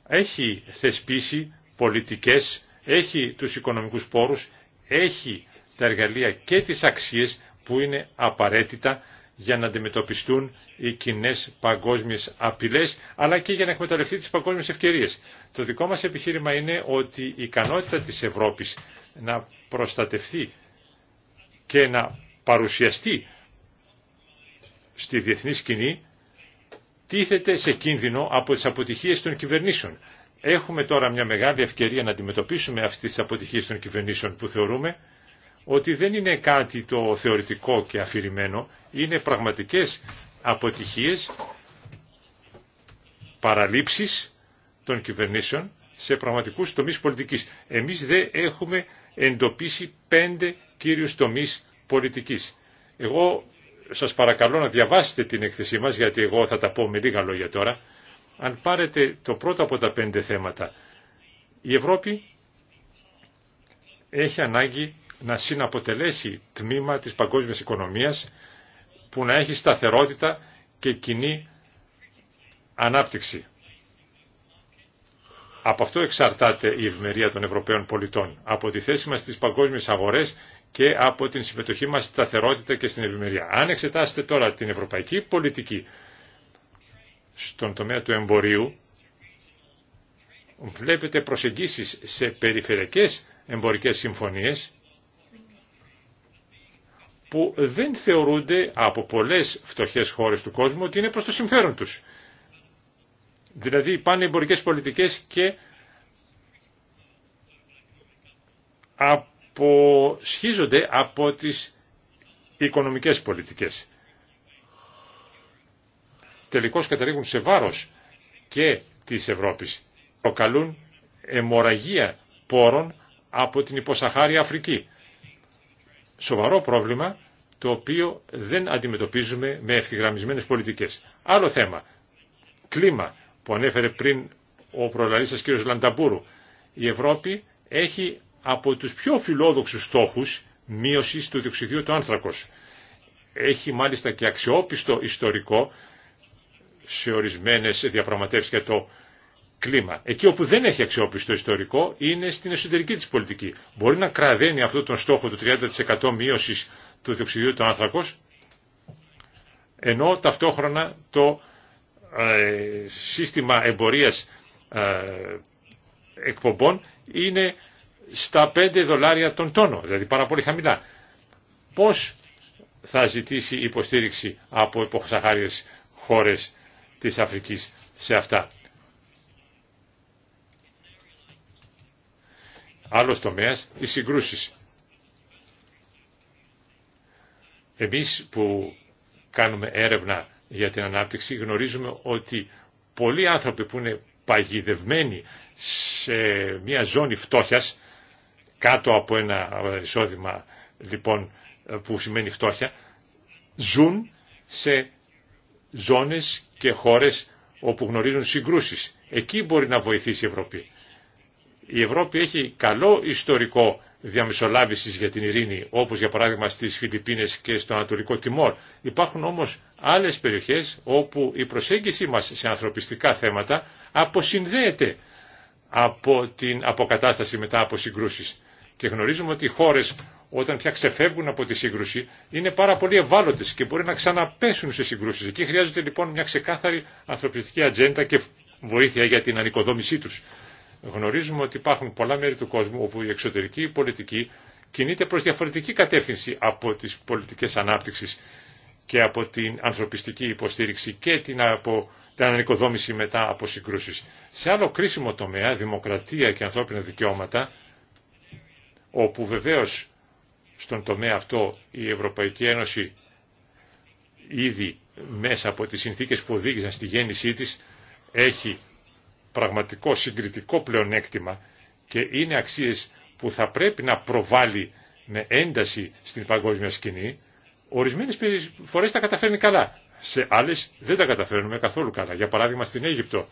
έχει θεσπίσει πολιτικές, έχει τους οικονομικούς πόρους, έχει τα εργαλεία και τις αξίες που είναι απαραίτητα για να αντιμετωπιστούν οι κοινέ παγκόσμιες απειλές, αλλά και για να εκμεταλλευτεί τις παγκόσμιες ευκαιρίες. Το δικό μας επιχείρημα είναι ότι η ικανότητα της Ευρώπης να προστατευτεί και να παρουσιαστεί στη διεθνή σκηνή τίθεται σε κίνδυνο από τις αποτυχίες των κυβερνήσεων. Έχουμε τώρα μια μεγάλη ευκαιρία να αντιμετωπίσουμε αυτές τις αποτυχίες των κυβερνήσεων που θεωρούμε ότι δεν είναι κάτι το θεωρητικό και αφηρημένο, είναι πραγματικές αποτυχίες, παραλήψεις των κυβερνήσεων σε πραγματικούς τομείς πολιτικής. Εμείς δεν έχουμε εντοπίσει πέντε κύριους τομείς πολιτικής. Εγώ σας παρακαλώ να διαβάσετε την έκθεσή μας, γιατί εγώ θα τα πω με λίγα λόγια τώρα. Αν πάρετε το πρώτο από τα πέντε θέματα, η Ευρώπη έχει ανάγκη να συναποτελέσει τμήμα της παγκόσμιας οικονομίας που να έχει σταθερότητα και κοινή ανάπτυξη. Από αυτό εξαρτάται η ευημερία των Ευρωπαίων πολιτών, από τη θέση μας στις παγκόσμιες αγορές και από την συμμετοχή μας στη σταθερότητα και στην ευημερία. Αν εξετάσετε τώρα την ευρωπαϊκή πολιτική στον τομέα του εμπορίου, βλέπετε προσεγγίσεις σε περιφερειακές εμπορικές συμφωνίες που δεν θεωρούνται από πολλέ φτωχές χώρες του κόσμου ότι είναι προς το συμφέρον τους. Δηλαδή πάνε εμπορικές πολιτικές και αποσχίζονται από τις οικονομικές πολιτικές. Τελικώς καταλήγουν σε βάρος και της Ευρώπης. Προκαλούν αιμορραγία πόρων από την υποσαχάρια Αφρική. Σοβαρό πρόβλημα το οποίο δεν αντιμετωπίζουμε με ευθυγραμμισμένες πολιτικές. Άλλο θέμα. Κλίμα που ανέφερε πριν ο προλαλής σας κύριος Λανταμπούρου. Η Ευρώπη έχει από τους πιο φιλόδοξους στόχους μείωσης του διοξιδίου του άνθρακος. Έχει μάλιστα και αξιόπιστο ιστορικό σε ορισμένες διαπραγματεύσεις για το κλίμα. Εκεί όπου δεν έχει αξιόπιστο ιστορικό είναι στην εσωτερική της πολιτική. Μπορεί να κραδένει αυτό τον στόχο του 30% μείωσης του διοξιδίου του άνθρακος, ενώ ταυτόχρονα το ε, σύστημα εμπορίας ε, εκπομπών είναι στα 5 δολάρια τον τόνο, δηλαδή πάρα πολύ χαμηλά. Πώς θα ζητήσει υποστήριξη από υποσαχάριες χώρες της Αφρικής σε αυτά. Άλλος τομέας, οι συγκρούσεις. Εμείς που κάνουμε έρευνα για την ανάπτυξη γνωρίζουμε ότι πολλοί άνθρωποι που είναι παγιδευμένοι σε μια ζώνη φτώχειας κάτω από ένα εισόδημα λοιπόν που σημαίνει φτώχεια ζουν σε ζώνες και χώρες όπου γνωρίζουν συγκρούσεις. Εκεί μπορεί να βοηθήσει η Ευρώπη. Η Ευρώπη έχει καλό ιστορικό διαμεσολάβησης για την ειρήνη, όπως για παράδειγμα στις Φιλιππίνες και στο Ανατολικό Τιμόρ. Υπάρχουν όμως άλλες περιοχές όπου η προσέγγιση μας σε ανθρωπιστικά θέματα αποσυνδέεται από την αποκατάσταση μετά από συγκρούσεις. Και γνωρίζουμε ότι οι χώρες όταν πια ξεφεύγουν από τη σύγκρουση είναι πάρα πολύ ευάλωτες και μπορεί να ξαναπέσουν σε συγκρούσεις. Εκεί χρειάζεται λοιπόν μια ξεκάθαρη ανθρωπιστική ατζέντα και βοήθεια για την ανοικοδόμησή τους. Γνωρίζουμε ότι υπάρχουν πολλά μέρη του κόσμου όπου η εξωτερική πολιτική κινείται προς διαφορετική κατεύθυνση από τις πολιτικές ανάπτυξης και από την ανθρωπιστική υποστήριξη και την, από, την ανοικοδόμηση μετά από συγκρούσεις. Σε άλλο κρίσιμο τομέα, δημοκρατία και ανθρώπινα δικαιώματα, όπου βεβαίως στον τομέα αυτό η Ευρωπαϊκή Ένωση ήδη μέσα από τις συνθήκες που οδήγησαν στη γέννησή της έχει πραγματικό συγκριτικό πλεονέκτημα και είναι αξίες που θα πρέπει να προβάλλει με ένταση στην παγκόσμια σκηνή Ορισμένε φορέ τα καταφέρνει καλά. Σε άλλε δεν τα καταφέρνουμε καθόλου καλά. Για παράδειγμα στην Αίγυπτο,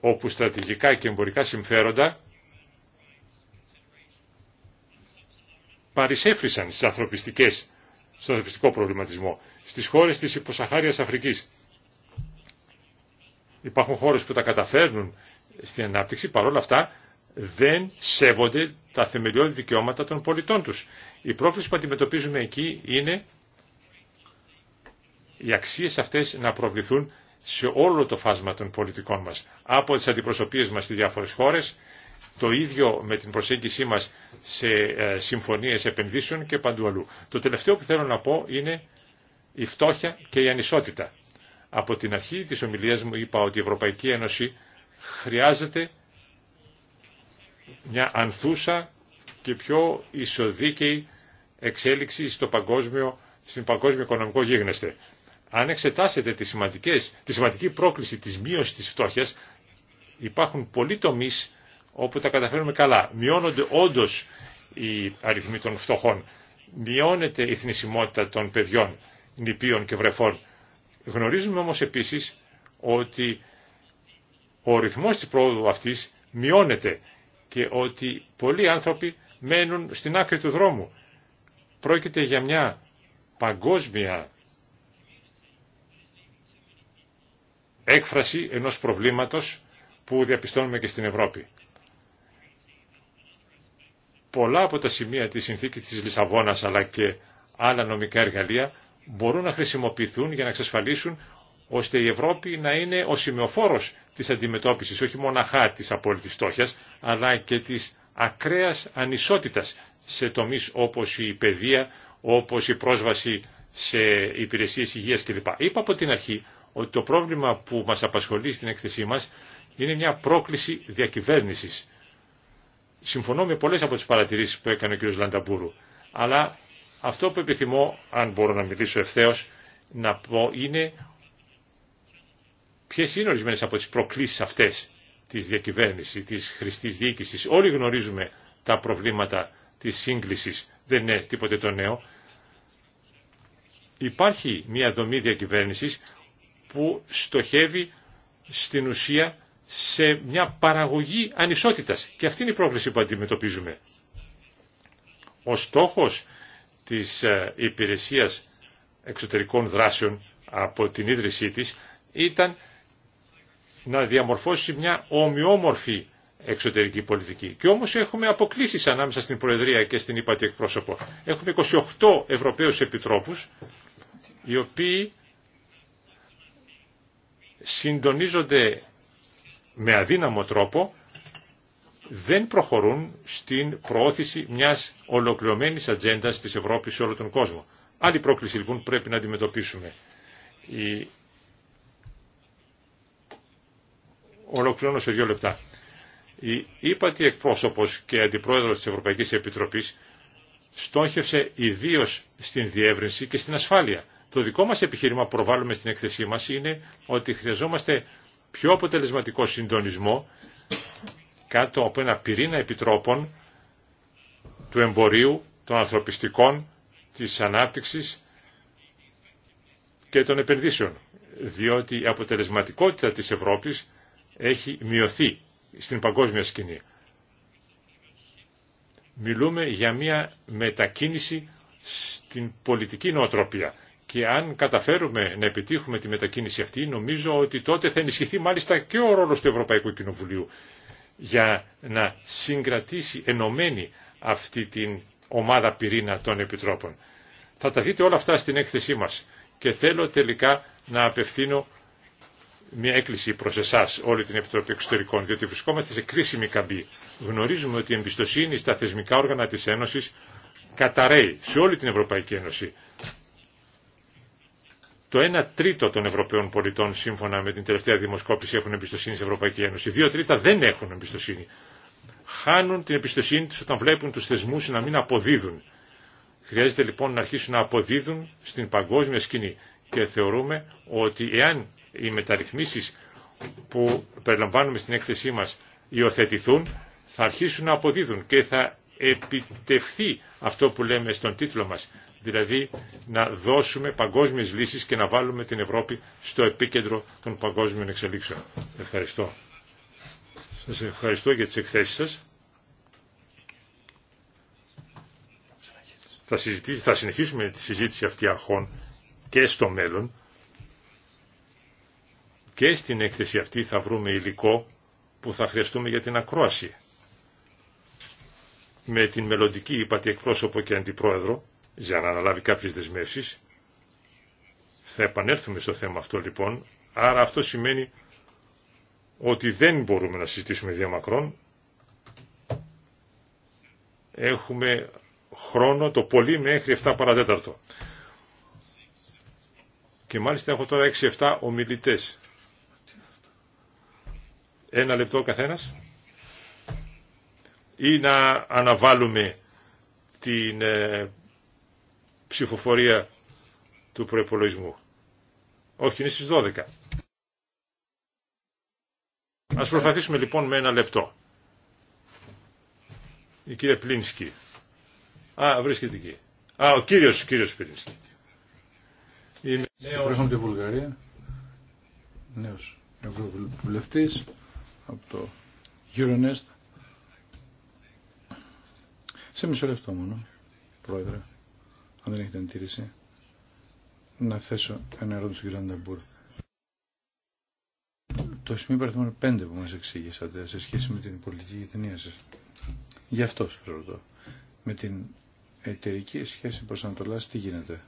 όπου στρατηγικά και εμπορικά συμφέροντα παρισέφρισαν στις ανθρωπιστικές, στον ανθρωπιστικό προβληματισμό, στις χώρες της υποσαχάριας Αφρικής. Υπάρχουν χώρες που τα καταφέρνουν στην ανάπτυξη, παρόλα αυτά δεν σέβονται τα θεμελιώδη δικαιώματα των πολιτών τους. Η πρόκληση που αντιμετωπίζουμε εκεί είναι οι αξίες αυτές να προβληθούν σε όλο το φάσμα των πολιτικών μας. Από τις αντιπροσωπείες μας στις διάφορες χώρες, το ίδιο με την προσέγγισή μας σε ε, συμφωνίες επενδύσεων και παντού αλλού. Το τελευταίο που θέλω να πω είναι η φτώχεια και η ανισότητα. Από την αρχή της ομιλίας μου είπα ότι η Ευρωπαϊκή Ένωση χρειάζεται μια ανθούσα και πιο ισοδίκαιη εξέλιξη στο παγκόσμιο, στην παγκόσμιο οικονομικό γίγνεσθε. Αν εξετάσετε τις σημαντικές, τη σημαντική πρόκληση της μείωση της φτώχειας, υπάρχουν πολλοί τομείς όπου τα καταφέρουμε καλά. Μειώνονται όντως οι αριθμοί των φτωχών. Μειώνεται η θνησιμότητα των παιδιών, νηπίων και βρεφών. Γνωρίζουμε όμως επίσης ότι ο ρυθμός της πρόοδου αυτής μειώνεται και ότι πολλοί άνθρωποι μένουν στην άκρη του δρόμου. Πρόκειται για μια παγκόσμια έκφραση ενός προβλήματος που διαπιστώνουμε και στην Ευρώπη. Πολλά από τα σημεία της συνθήκης της Λισαβόνας αλλά και άλλα νομικά εργαλεία μπορούν να χρησιμοποιηθούν για να εξασφαλίσουν ώστε η Ευρώπη να είναι ο σημειοφόρος της αντιμετώπισης όχι μοναχά της απόλυτης φτώχειας, αλλά και της ακραίας ανισότητας σε τομείς όπως η παιδεία, όπως η πρόσβαση σε υπηρεσίες υγείας κλπ. Είπα από την αρχή ότι το πρόβλημα που μας απασχολεί στην έκθεσή μας είναι μια πρόκληση διακυβέρνησης. Συμφωνώ με πολλές από τις παρατηρήσεις που έκανε ο κ. Λανταμπούρου, αλλά αυτό που επιθυμώ, αν μπορώ να μιλήσω ευθέως, να πω είναι ποιες είναι ορισμένες από τις προκλήσεις αυτές της διακυβέρνησης, της χρηστής διοίκησης. Όλοι γνωρίζουμε τα προβλήματα της σύγκλησης, δεν είναι τίποτε το νέο. Υπάρχει μια δομή διακυβέρνησης που στοχεύει στην ουσία σε μια παραγωγή ανισότητας. Και αυτή είναι η πρόκληση που αντιμετωπίζουμε. Ο στόχος της ε, υπηρεσίας εξωτερικών δράσεων από την ίδρυσή της ήταν να διαμορφώσει μια ομοιόμορφη εξωτερική πολιτική. Και όμως έχουμε αποκλήσεις ανάμεσα στην Προεδρία και στην ΥΠΑΤΗ εκπρόσωπο. Έχουμε 28 Ευρωπαίους Επιτρόπους, οι οποίοι συντονίζονται με αδύναμο τρόπο, δεν προχωρούν στην προώθηση μιας ολοκληρωμένης ατζέντα της Ευρώπης σε όλο τον κόσμο. Άλλη πρόκληση λοιπόν πρέπει να αντιμετωπίσουμε. Η Ολοκληρώνω σε δύο λεπτά. Η ύπατη εκπρόσωπος και αντιπρόεδρος της Ευρωπαϊκής Επιτροπής στόχευσε ιδίω στην διεύρυνση και στην ασφάλεια. Το δικό μας επιχείρημα που προβάλλουμε στην έκθεσή μας είναι ότι χρειαζόμαστε πιο αποτελεσματικό συντονισμό κάτω από ένα πυρήνα επιτρόπων του εμπορίου, των ανθρωπιστικών, της ανάπτυξης και των επενδύσεων. Διότι η αποτελεσματικότητα της Ευρώπης έχει μειωθεί στην παγκόσμια σκηνή. Μιλούμε για μια μετακίνηση στην πολιτική νοοτροπία και αν καταφέρουμε να επιτύχουμε τη μετακίνηση αυτή νομίζω ότι τότε θα ενισχυθεί μάλιστα και ο ρόλος του Ευρωπαϊκού Κοινοβουλίου για να συγκρατήσει ενωμένη αυτή την ομάδα πυρήνα των επιτρόπων. Θα τα δείτε όλα αυτά στην έκθεσή μας και θέλω τελικά να απευθύνω μια έκκληση προς εσάς όλη την Επιτροπή Εξωτερικών, διότι βρισκόμαστε σε κρίσιμη καμπή. Γνωρίζουμε ότι η εμπιστοσύνη στα θεσμικά όργανα της Ένωσης καταραίει σε όλη την Ευρωπαϊκή Ένωση. Το 1 τρίτο των Ευρωπαίων πολιτών, σύμφωνα με την τελευταία δημοσκόπηση, έχουν εμπιστοσύνη στην Ευρωπαϊκή Ένωση. Δύο τρίτα δεν έχουν εμπιστοσύνη. Χάνουν την εμπιστοσύνη του όταν βλέπουν του θεσμού να μην αποδίδουν. Χρειάζεται λοιπόν να αρχίσουν να αποδίδουν στην παγκόσμια σκηνή. Και θεωρούμε ότι εάν οι μεταρρυθμίσεις που περιλαμβάνουμε στην έκθεσή μας υιοθετηθούν, θα αρχίσουν να αποδίδουν και θα επιτευχθεί αυτό που λέμε στον τίτλο μας, δηλαδή να δώσουμε παγκόσμιες λύσεις και να βάλουμε την Ευρώπη στο επίκεντρο των παγκόσμιων εξελίξεων. Ευχαριστώ. Σας ευχαριστώ για τις εκθέσεις σας. Θα, θα συνεχίσουμε τη συζήτηση αυτή αρχών και στο μέλλον. Και στην έκθεση αυτή θα βρούμε υλικό που θα χρειαστούμε για την ακρόαση. Με την μελλοντική υπατή εκπρόσωπο και αντιπρόεδρο, για να αναλάβει κάποιες δεσμεύσεις, θα επανέλθουμε στο θέμα αυτό λοιπόν, άρα αυτό σημαίνει ότι δεν μπορούμε να συζητήσουμε διάμακρον. Έχουμε χρόνο το πολύ μέχρι 7 παρατέταρτο. Και μάλιστα έχω τώρα 6-7 ομιλητές. Ένα λεπτό ο καθένας. Ή να αναβάλουμε την ε, ψηφοφορία του προπολογισμού. Όχι, είναι στις 12. Ας προσπαθήσουμε λοιπόν με ένα λεπτό. Η κυρία Πλίνσκι. Α, βρίσκεται εκεί. Α, ο κύριος, ο κύριος Πλίνσκι. Είμαι... Νέος... Βουλγαρία. Νέος ευρωβουλευτής από το Euronest. Σε μισό λεπτό μόνο, πρόεδρε, αν δεν έχετε αντίρρηση, να θέσω ένα ερώτημα στον κύριο Ανταμπούρ. Το σημείο παραθυμών 5 που μας εξήγησατε σε σχέση με την πολιτική γειτονία σας. Γι' αυτό σας ρωτώ. Με την εταιρική σχέση προς Ανατολάς τι γίνεται.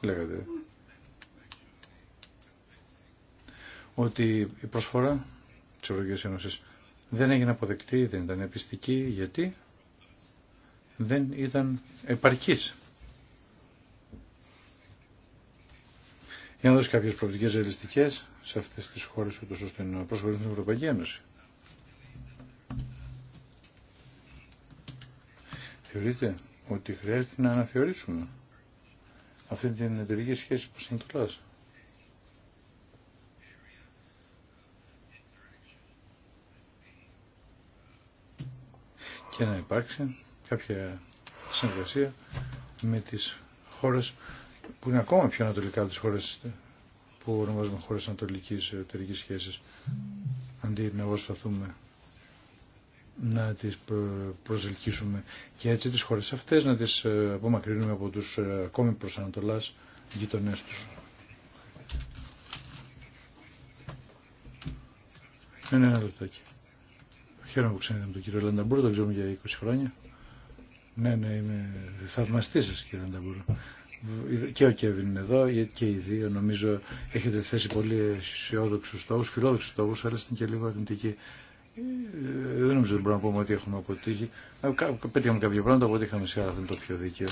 Λέγατε ότι η προσφορά της Ευρωπαϊκής Ένωσης δεν έγινε αποδεκτή, δεν ήταν επιστική, γιατί δεν ήταν επαρκής. Για να δώσει κάποιες προοπτικές ρεαλιστικές σε αυτές τις χώρες ούτως ώστε να προσχωρήσουν στην Ευρωπαϊκή Ένωση. Θεωρείτε ότι χρειάζεται να αναθεωρήσουμε αυτή την εταιρική σχέση που Ανατολάς. και να υπάρξει κάποια συνεργασία με τις χώρες που είναι ακόμα πιο ανατολικά από τις χώρες που ονομάζουμε χώρες ανατολικής εταιρικής σχέσης αντί να προσπαθούμε να τις προσελκύσουμε και έτσι τις χώρες αυτές να τις ε, απομακρύνουμε από τους ε, ακόμη προς Ανατολάς γειτονές τους. Ναι, ναι, ένα λεπτάκι. Χαίρομαι που με τον κύριο Λανταμπούρου, τον ξέρουμε για 20 χρόνια. Ναι, ναι, είμαι θαυμαστή σα κύριε Λανταμπούρου. Και ο Κέβιν είναι εδώ και οι δύο νομίζω έχετε θέσει πολύ αισιόδοξου στόχου, φιλόδοξου στόχου, αλλά είστε και λίγο αρνητικοί. Ε, δεν νομίζω ότι μπορούμε να πούμε ότι έχουμε αποτύχει. Ε, Πέτυχαμε κάποια πράγματα, αποτύχαμε σε άλλα, δεν είναι το πιο δίκαιο.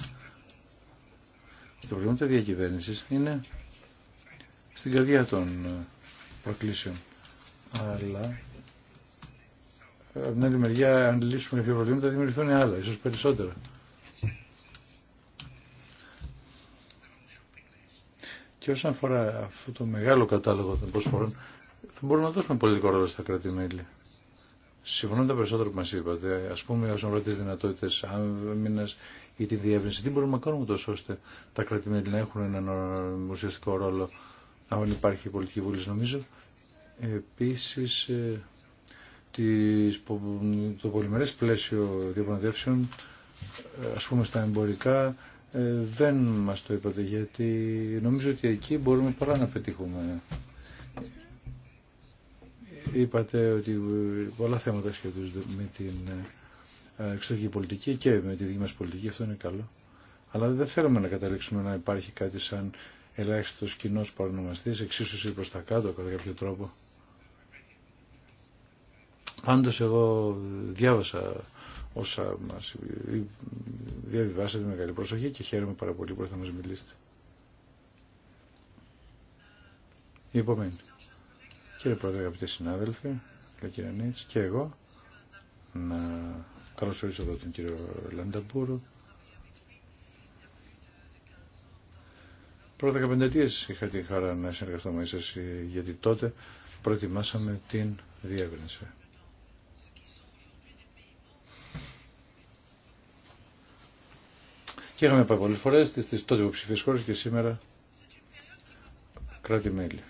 το πρόβλημα τη διακυβέρνηση είναι στην καρδιά των ε, προκλήσεων. Αλλά από την άλλη μεριά, αν λύσουμε δύο προβλήματα, θα δημιουργηθούν άλλα, ίσως περισσότερα. Και όσον αφορά αυτό το μεγάλο κατάλογο των προσφορών, θα μπορούμε να δώσουμε πολιτικό ρόλο στα κράτη-μέλη. Συμφωνώ με τα περισσότερα που μα είπατε. Α πούμε, όσον αφορά τι δυνατότητε άμυνα ή τη διεύρυνση, τι μπορούμε να κάνουμε τόσο ώστε τα κράτη-μέλη να έχουν έναν ουσιαστικό ρόλο, αν υπάρχει πολιτική βούληση, νομίζω. Επίση, ε, της, το πολυμερές πλαίσιο διαπραγματεύσεων, ε, ας πούμε στα εμπορικά, ε, δεν μας το είπατε γιατί νομίζω ότι εκεί μπορούμε πολλά να πετύχουμε. Είπατε ότι ε, πολλά θέματα σχετίζονται με την εξωτερική πολιτική και με τη δική μας πολιτική, αυτό είναι καλό. Αλλά δεν θέλουμε να καταλήξουμε να υπάρχει κάτι σαν ελάχιστος κοινός παρονομαστής, εξίσωση προς τα κάτω κατά κάποιο τρόπο. Πάντως εγώ διάβασα όσα μας διαβιβάσατε με καλή προσοχή και χαίρομαι πάρα πολύ που θα μας μιλήσετε. Η επόμενη. Κύριε Πρόεδρε, αγαπητοί συνάδελφοι, κύριε Νίτς και εγώ, να καλωσορίσω εδώ τον κύριο Λανταμπούρου. Πρώτα 15 ετίες είχα τη χαρά να συνεργαστώ μαζί σας γιατί τότε προετοιμάσαμε την διεύρυνση. Και είχαμε πάει πολλές φορές στις τότε υποψηφίες χώρες και σήμερα κράτη-μέλη.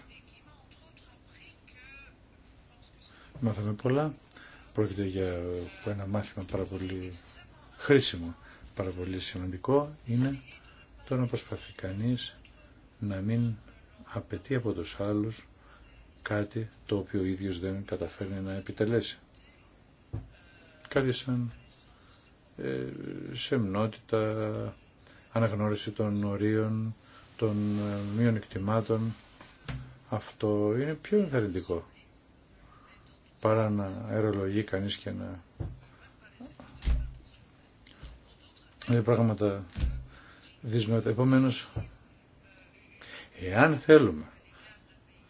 Μάθαμε πολλά. Πρόκειται για ένα μάθημα πάρα πολύ χρήσιμο, πάρα πολύ σημαντικό. Είναι το να προσπαθεί κανείς να μην απαιτεί από τους άλλους κάτι το οποίο ο ίδιος δεν καταφέρνει να επιτελέσει. Κάτι σαν ε, σεμνότητα, αναγνώριση των ορίων, των ε, μείων εκτιμάτων. Αυτό είναι πιο ενθαρρυντικό παρά να αερολογεί κανείς και να... Είναι πράγματα δυσνόητα. Επομένως, εάν θέλουμε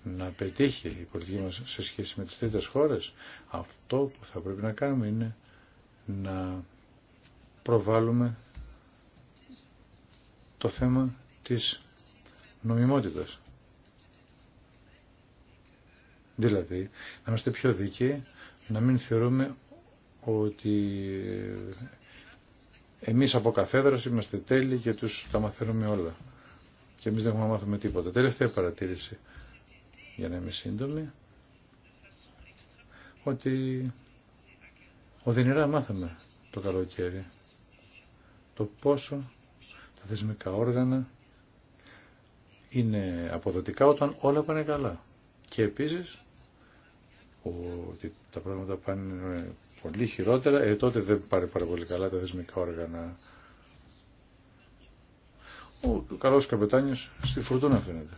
να πετύχει η πολιτική μας σε σχέση με τις τρίτες χώρες, αυτό που θα πρέπει να κάνουμε είναι να προβάλλουμε το θέμα της νομιμότητας. Δηλαδή, να είμαστε πιο δίκαιοι, να μην θεωρούμε ότι εμείς από καθέδραση είμαστε τέλειοι και τους τα μαθαίνουμε όλα. Και εμείς δεν έχουμε να μάθουμε τίποτα. Τελευταία παρατήρηση, για να είμαι σύντομη, ότι οδυνηρά μάθαμε το καλοκαίρι το πόσο τα θεσμικά όργανα είναι αποδοτικά όταν όλα πάνε καλά. Και επίσης ότι τα πράγματα πάνε πολύ χειρότερα, ε, τότε δεν πάρει πάρα πολύ καλά τα θεσμικά όργανα. Ο καλός καπετάνιος στη φουρτούνα φαίνεται.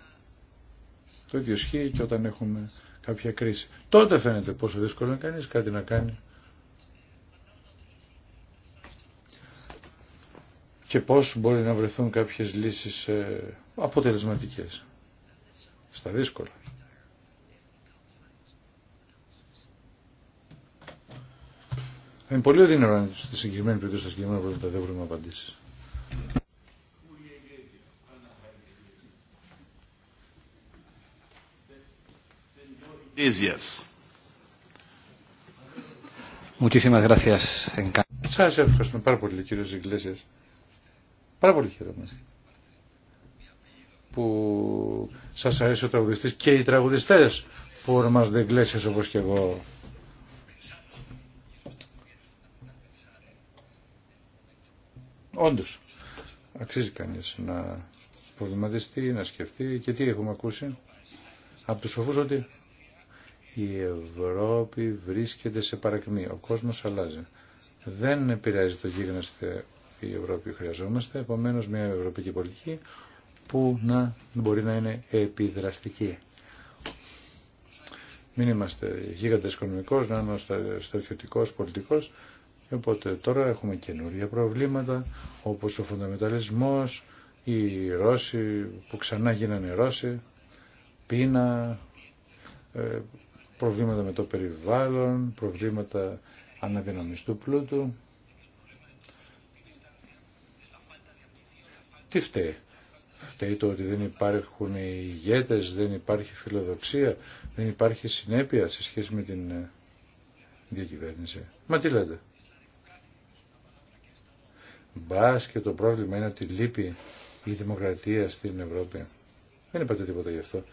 Το ίδιο ισχύει και όταν έχουμε κάποια κρίση. Τότε φαίνεται πόσο δύσκολο είναι κανείς κάτι να κάνει και πώς μπορεί να βρεθούν κάποιες λύσεις ε, αποτελεσματικές στα δύσκολα. είναι πολύ αδύνατο αν στη συγκεκριμένη περίπτωση, στα συγκεκριμένα προβλήματα δεν βρούμε απαντήσει. Muchísimas gracias. Σας ευχαριστούμε πάρα πολύ κύριε Ζιγκλέσιας. Πάρα πολύ χαίρομαι που σας αρέσει ο τραγουδιστής και οι τραγουδιστές που ονομάζονται Εγκλέσιας όπως και εγώ. Όντως, αξίζει κανείς να προβληματιστεί, να σκεφτεί και τι έχουμε ακούσει από τους σοφούς ότι η Ευρώπη βρίσκεται σε παρακμή, ο κόσμος αλλάζει. Δεν επηρεάζει το γίγνεσθε η Ευρώπη χρειαζόμαστε. επομένω μια ευρωπαϊκή πολιτική που να μπορεί να είναι επιδραστική. Μην είμαστε γίγαντες οικονομικό, να είμαστε στρατιωτικό, πολιτικός. Οπότε τώρα έχουμε καινούργια προβλήματα όπως ο φονταμεταλισμός, οι Ρώσοι που ξανά γίνανε Ρώσοι, πείνα, ε, προβλήματα με το περιβάλλον, προβλήματα αναδυναμιστού πλούτου. Τι φταίει. Φταίει το ότι δεν υπάρχουν οι ηγέτες, δεν υπάρχει φιλοδοξία, δεν υπάρχει συνέπεια σε σχέση με την ε, διακυβέρνηση. Μα τι λέτε. Μπάς και το πρόβλημα είναι ότι λείπει η δημοκρατία στην Ευρώπη. Δεν είπατε τίποτα γι' αυτό.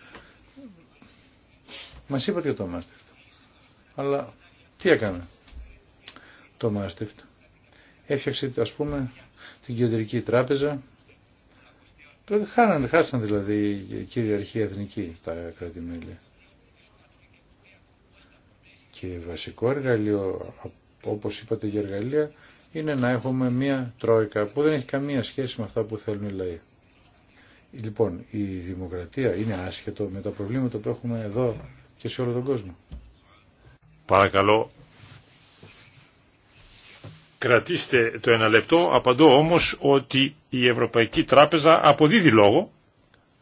Μα είπατε για το Μάστριχτ. Αλλά τι έκανε το Μάστριχτ. Έφτιαξε α πούμε την κεντρική τράπεζα ε, χάσανε, χάσαν δηλαδή η κυριαρχία εθνική τα κρατη Και βασικό εργαλείο, όπως είπατε για εργαλεία, είναι να έχουμε μία τρόικα που δεν έχει καμία σχέση με αυτά που θέλουν οι λαοί. Λοιπόν, η δημοκρατία είναι άσχετο με τα προβλήματα που έχουμε εδώ και σε όλο τον κόσμο. Παρακαλώ κρατήστε το ένα λεπτό, απαντώ όμως ότι η Ευρωπαϊκή Τράπεζα αποδίδει λόγο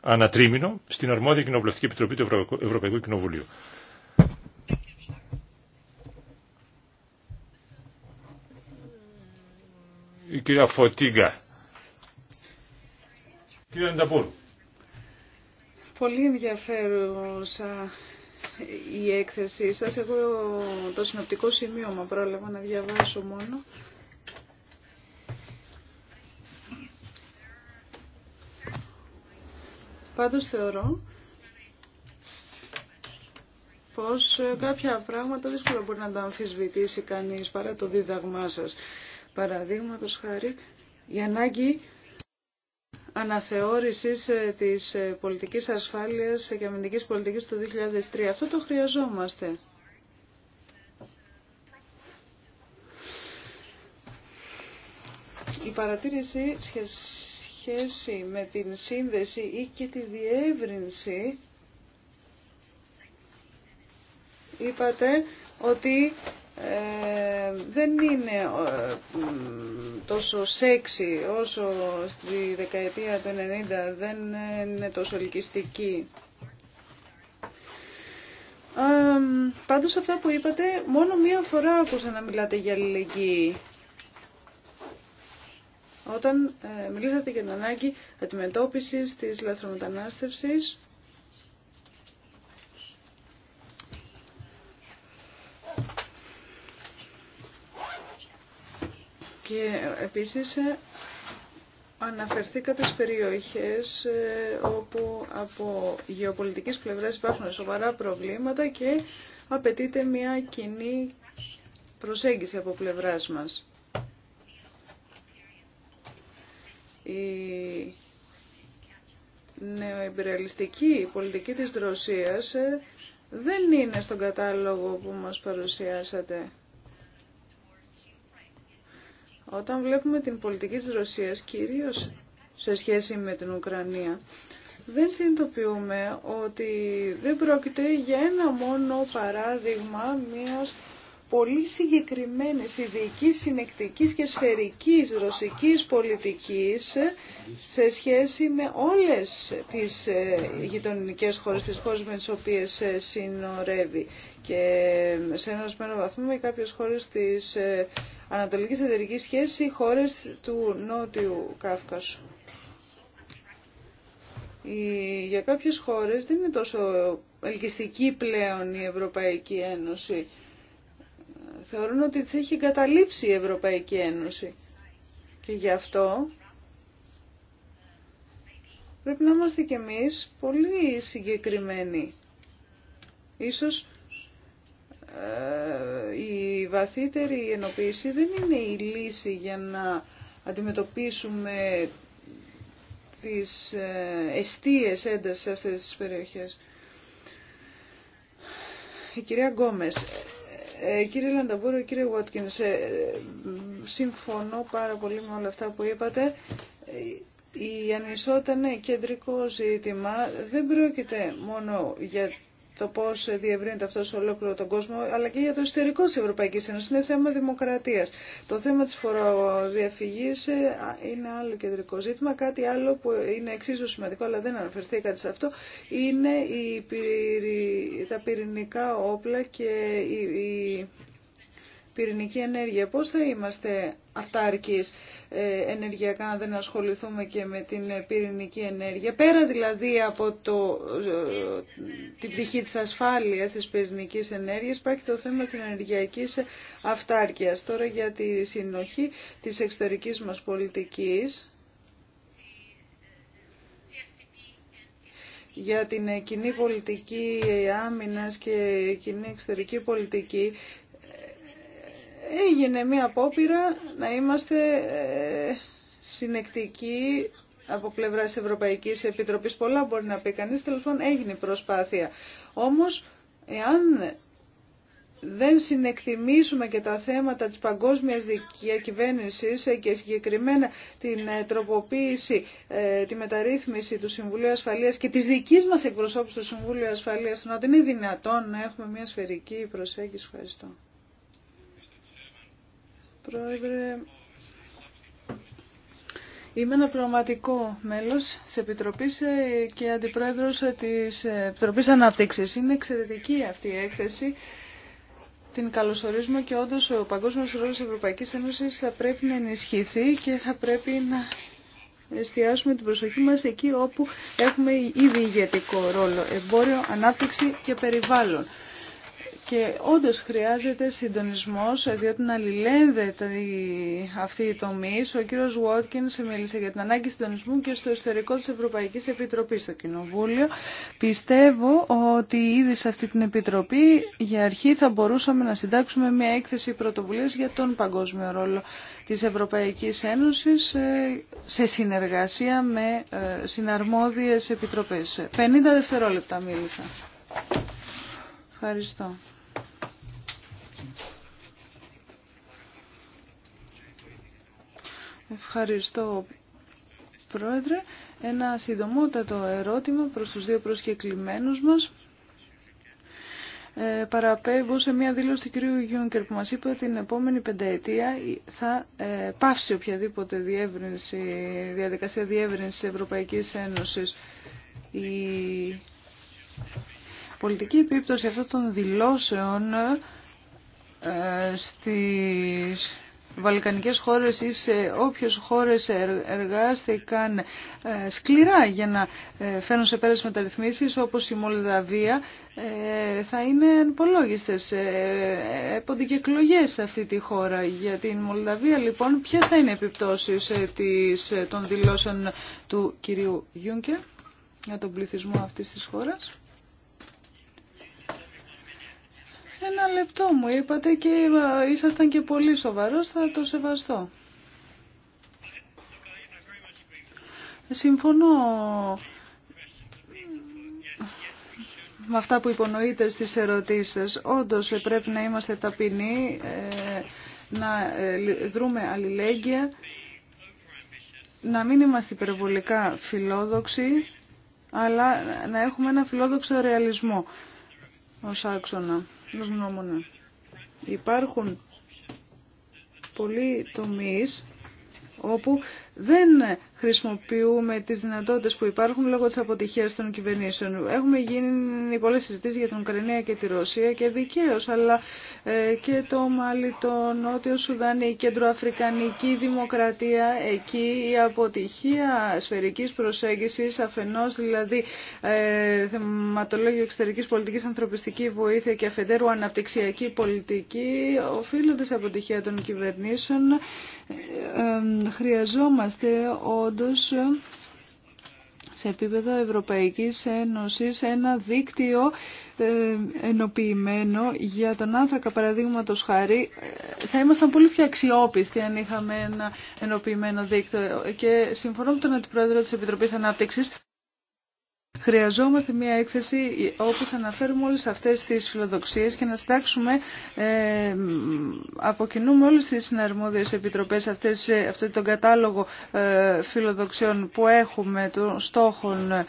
ανατρίμηνο στην αρμόδια Κοινοβουλευτική Επιτροπή του Ευρωπαϊκού Κοινοβουλίου. Η κυρία Φωτίγκα. Κύριε Πολύ ενδιαφέρουσα η έκθεσή σας. Εγώ το συνοπτικό σημείωμα πρόλαβα να διαβάσω μόνο. Πάντως θεωρώ πως κάποια πράγματα δύσκολα μπορεί να τα αμφισβητήσει κανείς παρά το δίδαγμά σας. Παραδείγματος χάρη, η ανάγκη αναθεώρησης ε, της ε, πολιτικής ασφάλειας και αμυντικής πολιτικής του 2003. Αυτό το χρειαζόμαστε. Η παρατήρηση σχέση με την σύνδεση ή και τη διεύρυνση είπατε ότι ε, δεν είναι τόσο σεξι όσο στη δεκαετία του 90 δεν είναι τόσο ελκυστική. Ε, πάντως αυτά που είπατε μόνο μία φορά άκουσα να μιλάτε για αλληλεγγύη. Όταν ε, μιλήσατε για την ανάγκη αντιμετώπισης της λαθρομετανάστευσης Και επίσης ε, αναφερθήκατε στις περιοχές ε, όπου από γεωπολιτικής πλευράς υπάρχουν σοβαρά προβλήματα και απαιτείται μια κοινή προσέγγιση από πλευράς μας. Η νεοεμπειραλιστική πολιτική της Ρωσίας ε, δεν είναι στον κατάλογο που μας παρουσιάσατε. Όταν βλέπουμε την πολιτική της Ρωσίας, κυρίως σε σχέση με την Ουκρανία, δεν συνειδητοποιούμε ότι δεν πρόκειται για ένα μόνο παράδειγμα μιας πολύ συγκεκριμένης ειδική συνεκτικής και σφαιρικής ρωσικής πολιτικής σε σχέση με όλες τις ε, γειτονικές χώρες, τις χώρες με τις οποίες ε, συνορεύει και σε ένα ορισμένο βαθμό με κάποιες χώρες της ε, Ανατολικής Εταιρικής Σχέσης ή χώρες του Νότιου Κάφκασου. Για κάποιες χώρες δεν είναι τόσο ελκυστική πλέον η Ευρωπαϊκή Ένωση. Θεωρούν ότι τις έχει εγκαταλείψει η ευρωπαικη ενωση θεωρουν οτι θα Ένωση. Και γι' αυτό πρέπει να είμαστε κι εμείς πολύ συγκεκριμένοι. Ίσως ε, η βαθύτερη ενοποίηση δεν είναι η λύση για να αντιμετωπίσουμε τις εστίες έντασης σε αυτές τις περιοχές. Η κυρία Γκόμες, ε, κύριε Λανταμπούρο, κύριε Βότκινς, ε, συμφωνώ πάρα πολύ με όλα αυτά που είπατε. Η ανισότητα είναι κεντρικό ζήτημα. Δεν πρόκειται μόνο για το πώς διευρύνεται αυτό σε ολόκληρο τον κόσμο, αλλά και για το εσωτερικό τη Ευρωπαϊκή Ένωση, Είναι θέμα δημοκρατίας. Το θέμα της φοροδιαφυγής ε, είναι άλλο κεντρικό ζήτημα. Κάτι άλλο που είναι εξίσου σημαντικό, αλλά δεν αναφερθήκατε σε αυτό, είναι τα πυρηνικά όπλα και η πυρηνική ενέργεια. Πώς θα είμαστε αυτάρκεις ε, ενεργειακά αν δεν ασχοληθούμε και με την πυρηνική ενέργεια. Πέρα δηλαδή από το, ε, την πτυχή της ασφάλειας της πυρηνικής ενέργειας υπάρχει το θέμα της ενεργειακής αυτάρκειας. Τώρα για τη συνοχή της εξωτερικής μας πολιτικής. για την κοινή πολιτική άμυνας και κοινή εξωτερική πολιτική έγινε μια απόπειρα να είμαστε ε, συνεκτικοί από πλευρά τη Ευρωπαϊκή Επιτροπή. Πολλά μπορεί να πει κανεί, τέλο πάντων έγινε προσπάθεια. Όμω, εάν δεν συνεκτιμήσουμε και τα θέματα της παγκόσμιας διακυβέρνησης ε, και συγκεκριμένα την ε, τροποποίηση, τη μεταρρύθμιση του Συμβουλίου Ασφαλείας και της δικής μας εκπροσώπησης του Συμβουλίου Ασφαλείας, ότι είναι δυνατόν να έχουμε μια σφαιρική προσέγγιση. Ευχαριστώ. Πρόεδρε, Είμαι ένα πραγματικό μέλος της Επιτροπής ε, και Αντιπρόεδρος ε, της ε, Επιτροπής Ανάπτυξης. Είναι εξαιρετική αυτή η έκθεση. Την καλωσορίζουμε και όντως ο Παγκόσμιος Ρόλος της Ευρωπαϊκής Ένωσης θα πρέπει να ενισχυθεί και θα πρέπει να εστιάσουμε την προσοχή μας εκεί όπου έχουμε ήδη ηγετικό ρόλο. Εμπόριο, ανάπτυξη και περιβάλλον. Και όντως χρειάζεται συντονισμός, διότι να αλληλένδεται αυτή η τομή. Ο κύριος σε μίλησε για την ανάγκη συντονισμού και στο ιστορικό της Ευρωπαϊκής Επιτροπής στο Κοινοβούλιο. Πιστεύω ότι ήδη σε αυτή την Επιτροπή για αρχή θα μπορούσαμε να συντάξουμε μια έκθεση πρωτοβουλίας για τον παγκόσμιο ρόλο της Ευρωπαϊκής Ένωσης ε, σε συνεργασία με ε, συναρμόδιες επιτροπές. 50 δευτερόλεπτα μίλησα. Ευχαριστώ. Ευχαριστώ, Πρόεδρε. Ένα συντομότατο ερώτημα προς τους δύο προσκεκλημένους μας. Ε, παραπέμπω σε μία δήλωση του κ. Γιούνκερ που μας είπε ότι την επόμενη πενταετία θα ε, πάυσει οποιαδήποτε διεύρυνση, διαδικασία διεύρυνσης Ευρωπαϊκής Ένωσης. Η πολιτική επίπτωση αυτών των δηλώσεων ε, στις βαλκανικές χώρες ή σε όποιες χώρες εργάστηκαν ε, σκληρά για να ε, φέρουν σε πέρας μεταρρυθμίσεις όπως η Μολδαβία ε, θα είναι ανυπολόγιστες. Έπονται και σε αυτή τη χώρα. Για την Μολδαβία λοιπόν ποια θα είναι οι επιπτώσεις των δηλώσεων του κυρίου Γιούνκερ για τον πληθυσμό αυτής της χώρας. Ένα λεπτό μου είπατε και ήσασταν και πολύ σοβαρός, θα το σεβαστώ. Συμφωνώ με αυτά που υπονοείτε στις ερωτήσεις σας. Όντως ε, πρέπει να είμαστε ταπεινοί, ε, να ε, δρούμε αλληλέγγυα, να μην είμαστε υπερβολικά φιλόδοξοι, αλλά να έχουμε ένα φιλόδοξο ρεαλισμό ως άξονα γνώμονα. Υπάρχουν πολλοί τομείς όπου δεν χρησιμοποιούμε τις δυνατότητες που υπάρχουν λόγω της αποτυχίας των κυβερνήσεων. Έχουμε γίνει πολλές συζητήσεις για την Ουκρανία και τη Ρωσία και δικαίω, αλλά ε, και το Μάλι, το Νότιο Σουδάνι, η Κεντροαφρικανική Δημοκρατία, εκεί η αποτυχία σφαιρικής προσέγγισης, αφενός δηλαδή ε, θεματολόγιο εξωτερικής πολιτικής, ανθρωπιστική βοήθεια και αφεντέρου αναπτυξιακή πολιτική, οφείλονται σε αποτυχία των κυβερνήσεων. Ε, ε, χρειαζόμαστε ο όντως σε επίπεδο Ευρωπαϊκής Ένωσης ένα δίκτυο ε, ενοποιημένο για τον άνθρακα παραδείγματο χάρη ε, θα ήμασταν πολύ πιο αξιόπιστοι αν είχαμε ένα ενοποιημένο δίκτυο και συμφωνώ με τον Αντιπρόεδρο της Επιτροπής Ανάπτυξης Χρειαζόμαστε μια έκθεση όπου θα αναφέρουμε όλες αυτές τις φιλοδοξίες και να στάξουμε ε, από κοινού όλες τις συναρμόδιες επιτροπές αυτές, ε, αυτό τον κατάλογο ε, φιλοδοξιών που έχουμε, των στόχων. Ε,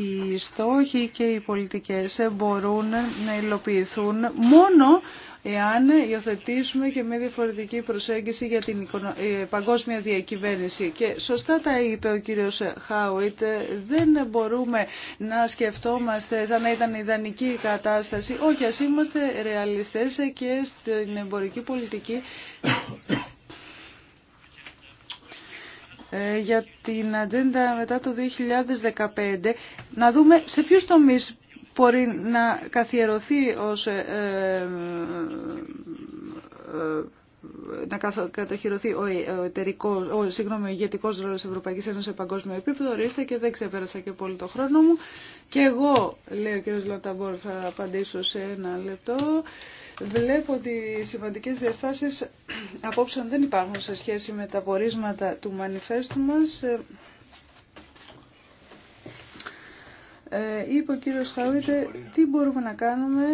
οι στόχοι και οι πολιτικές μπορούν να υλοποιηθούν μόνο εάν υιοθετήσουμε και μια διαφορετική προσέγγιση για την ε, παγκόσμια διακυβέρνηση. Και σωστά τα είπε ο κύριος Χάουιτ, δεν μπορούμε να σκεφτόμαστε σαν να ήταν ιδανική η κατάσταση. Όχι, ας είμαστε ρεαλιστές και στην εμπορική πολιτική ε, για την ατζέντα μετά το 2015 να δούμε σε ποιους τομείς μπορεί να καθιερωθεί ως ε, ε, ε, να ο, εταιρικό, ο, συγγνώμη, ο ηγετικός ρόλος Ευρωπαϊκής Ένωσης σε παγκόσμιο επίπεδο. Ορίστε και δεν ξεπέρασα και πολύ το χρόνο μου. Και εγώ, λέει ο κ. Λαταμπόρ, θα απαντήσω σε ένα λεπτό. Βλέπω ότι σημαντικές διαστάσεις απόψεων δεν υπάρχουν σε σχέση με τα πορίσματα του μανιφέστου μας. Ε, είπε ο κύριος Χάουιτε τι μπορούμε να κάνουμε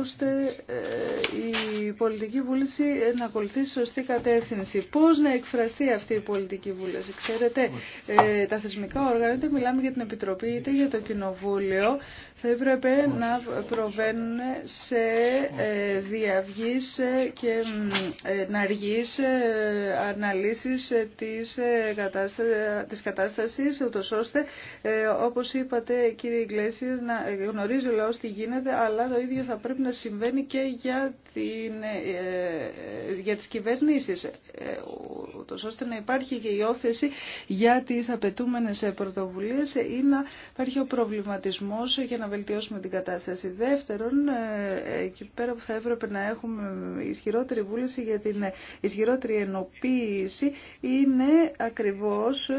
ώστε ε, η πολιτική βούληση να ακολουθήσει σωστή κατεύθυνση. Πώς να εκφραστεί αυτή η πολιτική βούληση. Ξέρετε, ε, τα θεσμικά όργανα, είτε μιλάμε για την Επιτροπή είτε για το Κοινοβούλιο, θα έπρεπε να προβαίνουν σε ε, ε και ε, ε, αναλύσεις της, κατάστασης, της κατάστασης, ούτως ώστε, όπως είπατε κύριε κύριε να ε, γνωρίζει ο λαός τι γίνεται, αλλά το ίδιο θα πρέπει να συμβαίνει και για, την, ε, ε, για τις κυβερνήσεις, ώστε να υπάρχει και η όθεση για τις απαιτούμενες πρωτοβουλίες ή να υπάρχει ο προβληματισμός για να βελτιώσουμε την κατάσταση. Δεύτερον, εκεί πέρα που θα έπρεπε να έχουμε ισχυρότερη βούληση για την ισχυρότερη ενοποίηση, είναι ακριβώς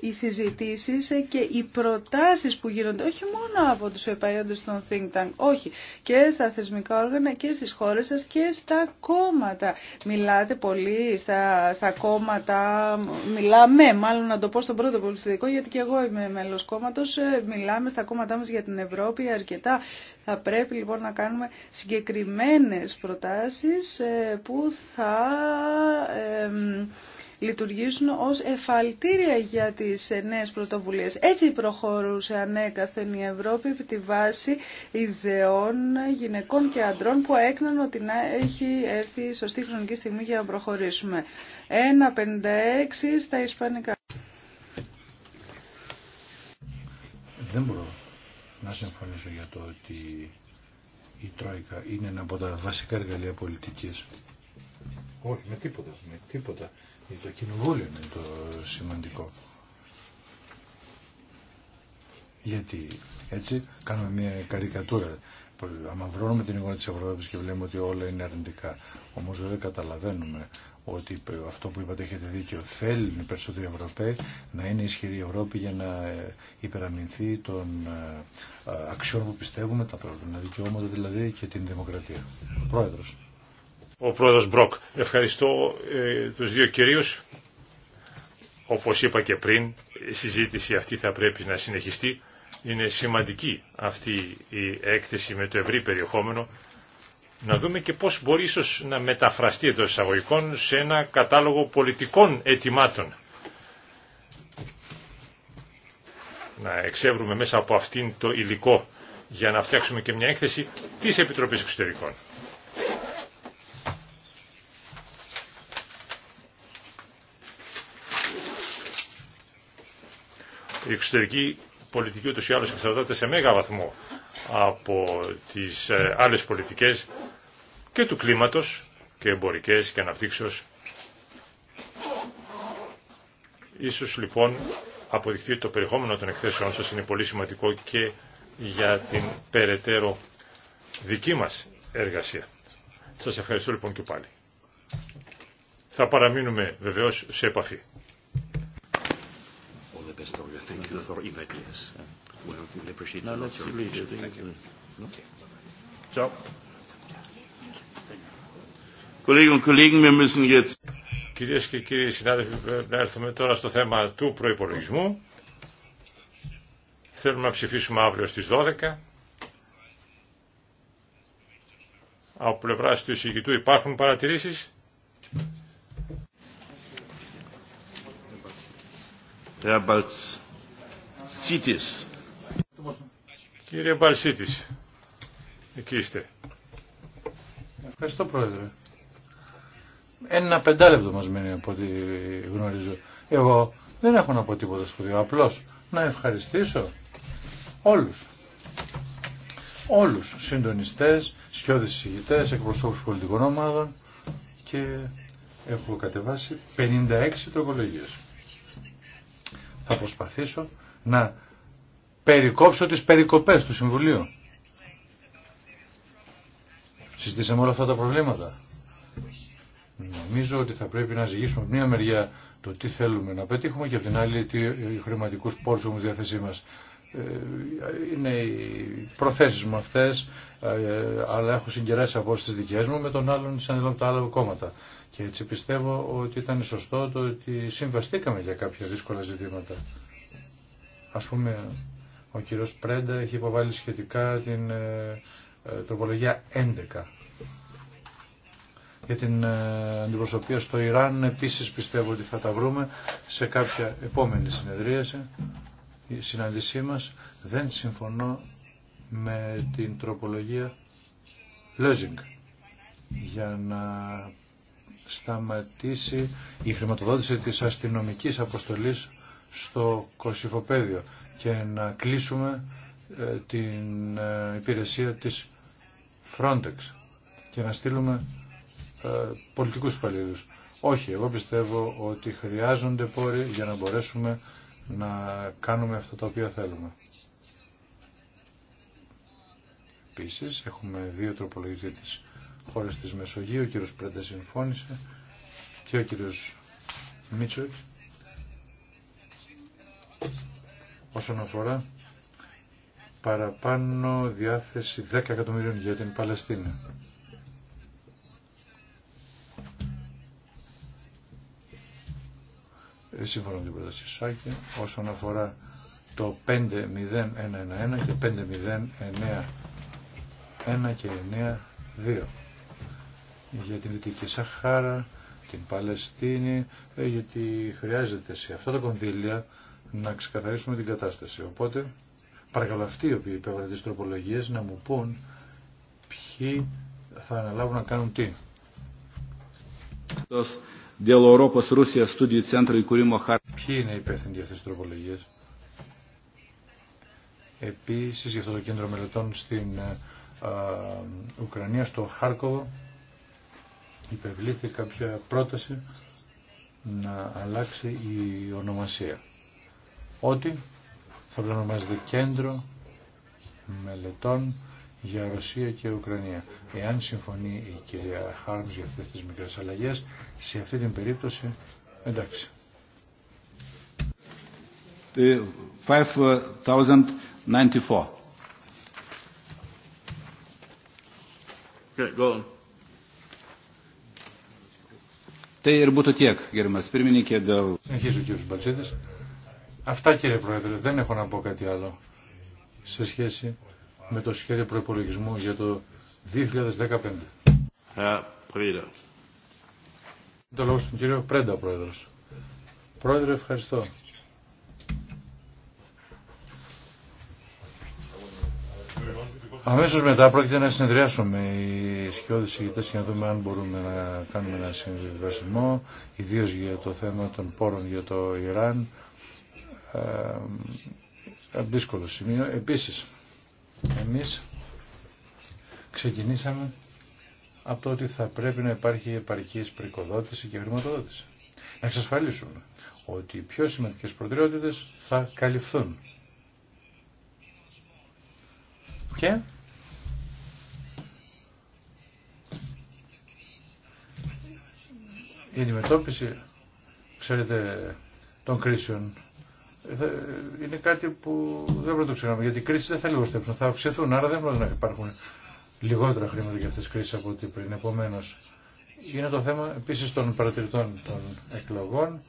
οι συζητήσεις και οι προτάσεις που γίνονται όχι μόνο από τους επαϊόντες των Think Tank, όχι, και στα θεσμικά όργανα και στις χώρες σας και στα κόμματα. Μιλάτε πολύ στα, στα κόμματα, μιλάμε, μάλλον να το πω στον πρώτο πολιτιστικό, γιατί και εγώ είμαι μέλος κόμματος, ε, μιλάμε στα κόμματά μας για την Ευρώπη αρκετά. Θα πρέπει λοιπόν να κάνουμε συγκεκριμένες προτάσεις ε, που θα... Ε, λειτουργήσουν ως εφαλτήρια για τις νέες πρωτοβουλίες. Έτσι προχωρούσε ανέκαθεν η Ευρώπη επί τη βάση ιδεών γυναικών και αντρών που έκναν ότι να έχει έρθει η σωστή χρονική στιγμή για να προχωρήσουμε. 1,56 στα Ισπανικά. Δεν μπορώ να συμφωνήσω για το ότι η Τρόικα είναι ένα από τα βασικά εργαλεία πολιτικής. Όχι, με τίποτα, με τίποτα. Ε, το κοινοβούλιο είναι το σημαντικό. Γιατί έτσι κάνουμε μια καρικατούρα. Αμαυρώνουμε την εικόνα της Ευρώπης και βλέπουμε ότι όλα είναι αρνητικά. Όμως δεν καταλαβαίνουμε ότι αυτό που είπατε έχετε δίκιο. Θέλουν οι περισσότεροι Ευρωπαίοι να είναι ισχυρή η Ευρώπη για να ε, υπεραμεινθεί των ε, αξιών που πιστεύουμε, τα ανθρώπινα δικαιώματα δηλαδή και την δημοκρατία. Πρόεδρος. Ο πρόεδρος Μπροκ. Ευχαριστώ ε, τους δύο κυρίους. Όπως είπα και πριν, η συζήτηση αυτή θα πρέπει να συνεχιστεί. Είναι σημαντική αυτή η έκθεση με το ευρύ περιεχόμενο. Να δούμε και πώς μπορεί ίσως να μεταφραστεί εντό εισαγωγικών σε ένα κατάλογο πολιτικών ετοιμάτων. Να εξεύρουμε μέσα από αυτήν το υλικό για να φτιάξουμε και μια έκθεση της Επιτροπής Εξωτερικών. Η εξωτερική πολιτική ούτως ή άλλως εξαρτάται σε μέγα βαθμό από τις ε, άλλες πολιτικές και του κλίματος και εμπορικές και αναπτύξεως. Ίσως λοιπόν αποδειχθεί ότι το περιεχόμενο των εκθέσεών σας είναι πολύ σημαντικό και για την περαιτέρω δική μας εργασία. Σας ευχαριστώ λοιπόν και πάλι. Θα παραμείνουμε βεβαίως σε επαφή. Thank you for IMEC, yes. Uh, we will appreciate Now let's read it. Ciao. Kolleginnen und Kollegen, wir müssen jetzt... Κυρίες και κύριοι συνάδελφοι, να έρθουμε τώρα στο θέμα του προϋπολογισμού. Θέλουμε να ψηφίσουμε αύριο στις 12. Από πλευρά του εισηγητού υπάρχουν παρατηρήσεις. Herr Balz. Κύριε Παλσίτης, εκεί είστε. Ευχαριστώ Πρόεδρε. Ένα πεντάλεπτο μας μένει από ό,τι γνωρίζω. Εγώ δεν έχω να πω τίποτα σπουδαίο, απλώς να ευχαριστήσω όλους. Όλους, συντονιστές, σκιώδεις συγητές, εκπροσώπους πολιτικών ομάδων και έχω κατεβάσει 56 τροπολογίες. Θα προσπαθήσω να περικόψω τις περικοπές του Συμβουλίου. Συζητήσαμε όλα αυτά τα προβλήματα. Νομίζω ότι θα πρέπει να ζυγίσουμε μία μεριά το τι θέλουμε να πετύχουμε και από την άλλη τι ε, χρηματικούς πόρους έχουμε διαθέσή μας. Ε, είναι οι προθέσεις μου αυτές, ε, αλλά έχω συγκεράσει από τις δικές μου με τον άλλον σαν από τα άλλα κόμματα. Και έτσι πιστεύω ότι ήταν σωστό το ότι συμβαστήκαμε για κάποια δύσκολα ζητήματα. Ας πούμε, ο κύριος Πρέντα έχει υποβάλει σχετικά την ε, ε, τροπολογία 11 για την ε, αντιπροσωπεία στο Ιράν. Επίσης πιστεύω ότι θα τα βρούμε σε κάποια επόμενη συνεδρίαση. Η συνάντησή μας δεν συμφωνώ με την τροπολογία Λέζινγκ για να σταματήσει η χρηματοδότηση της αστυνομικής αποστολής στο Κωσυφοπαίδιο και να κλείσουμε ε, την ε, υπηρεσία της Frontex και να στείλουμε ε, πολιτικούς υπαλλήλους. Όχι, εγώ πιστεύω ότι χρειάζονται πόροι για να μπορέσουμε να κάνουμε αυτά τα οποία θέλουμε. Επίση, έχουμε δύο τροπολογίες της χώρες της Μεσογείου, ο κύριος Πρέντα συμφώνησε και ο κύριος Μίτσοκ όσον αφορά παραπάνω διάθεση 10 εκατομμυρίων για την Παλαιστίνη. Ε, σύμφωνα με την πρόταση Σάκη, όσον αφορά το 5-0-1-1-1 και 1 και 2 για την Δυτική Σαχάρα, την Παλαιστίνη, ε, γιατί χρειάζεται σε αυτά τα κονδύλια να ξεκαθαρίσουμε την κατάσταση. Οπότε, παρακαλώ αυτοί οι οποίοι υπέβαλαν τις τροπολογίες να μου πούν ποιοι θα αναλάβουν να κάνουν τι. Ποιοι είναι υπεύθυνοι για αυτέ τι τροπολογίε. Επίσης, για αυτό το κέντρο μελετών στην ε, Ουκρανία, στο Χάρκοβο, υπευλήθη κάποια πρόταση να αλλάξει η ονομασία ότι θα πρέπει να ονομάζεται κέντρο μελετών για Ρωσία και Ουκρανία. Εάν συμφωνεί η κυρία Χάρμς για αυτές τις μικρές αλλαγές, σε αυτή την περίπτωση, εντάξει. 5094. Tai ir būtų tiek, gerimas pirmininkė, dėl... Συνεχίζω κύριος Αυτά κύριε Πρόεδρε, δεν έχω να πω κάτι άλλο σε σχέση με το σχέδιο προπολογισμού για το 2015. Πρίδα. Το λόγο στον κύριο Πρέντα, Πρόεδρε, ευχαριστώ. Αμέσω μετά πρόκειται να συνεδριάσουμε οι σκιώδη ηγητέ για να δούμε αν μπορούμε να κάνουμε ένα συμβιβασμό, ιδίω για το θέμα των πόρων για το Ιράν ε, ε, δύσκολο σημείο. Επίσης, εμείς ξεκινήσαμε από το ότι θα πρέπει να υπάρχει επαρκής πρικοδότηση και χρηματοδότηση. Να εξασφαλίσουμε ότι οι πιο σημαντικές προτεραιότητες θα καλυφθούν. Και η αντιμετώπιση, ξέρετε, των κρίσεων είναι κάτι που δεν πρέπει να το ξεχνάμε, γιατί οι κρίσει δεν θα λιγοστέψουν, θα αυξηθούν, άρα δεν πρέπει να υπάρχουν λιγότερα χρήματα για αυτέ τι κρίσει από ό,τι πριν. Επομένω, είναι το θέμα επίση των παρατηρητών των εκλογών.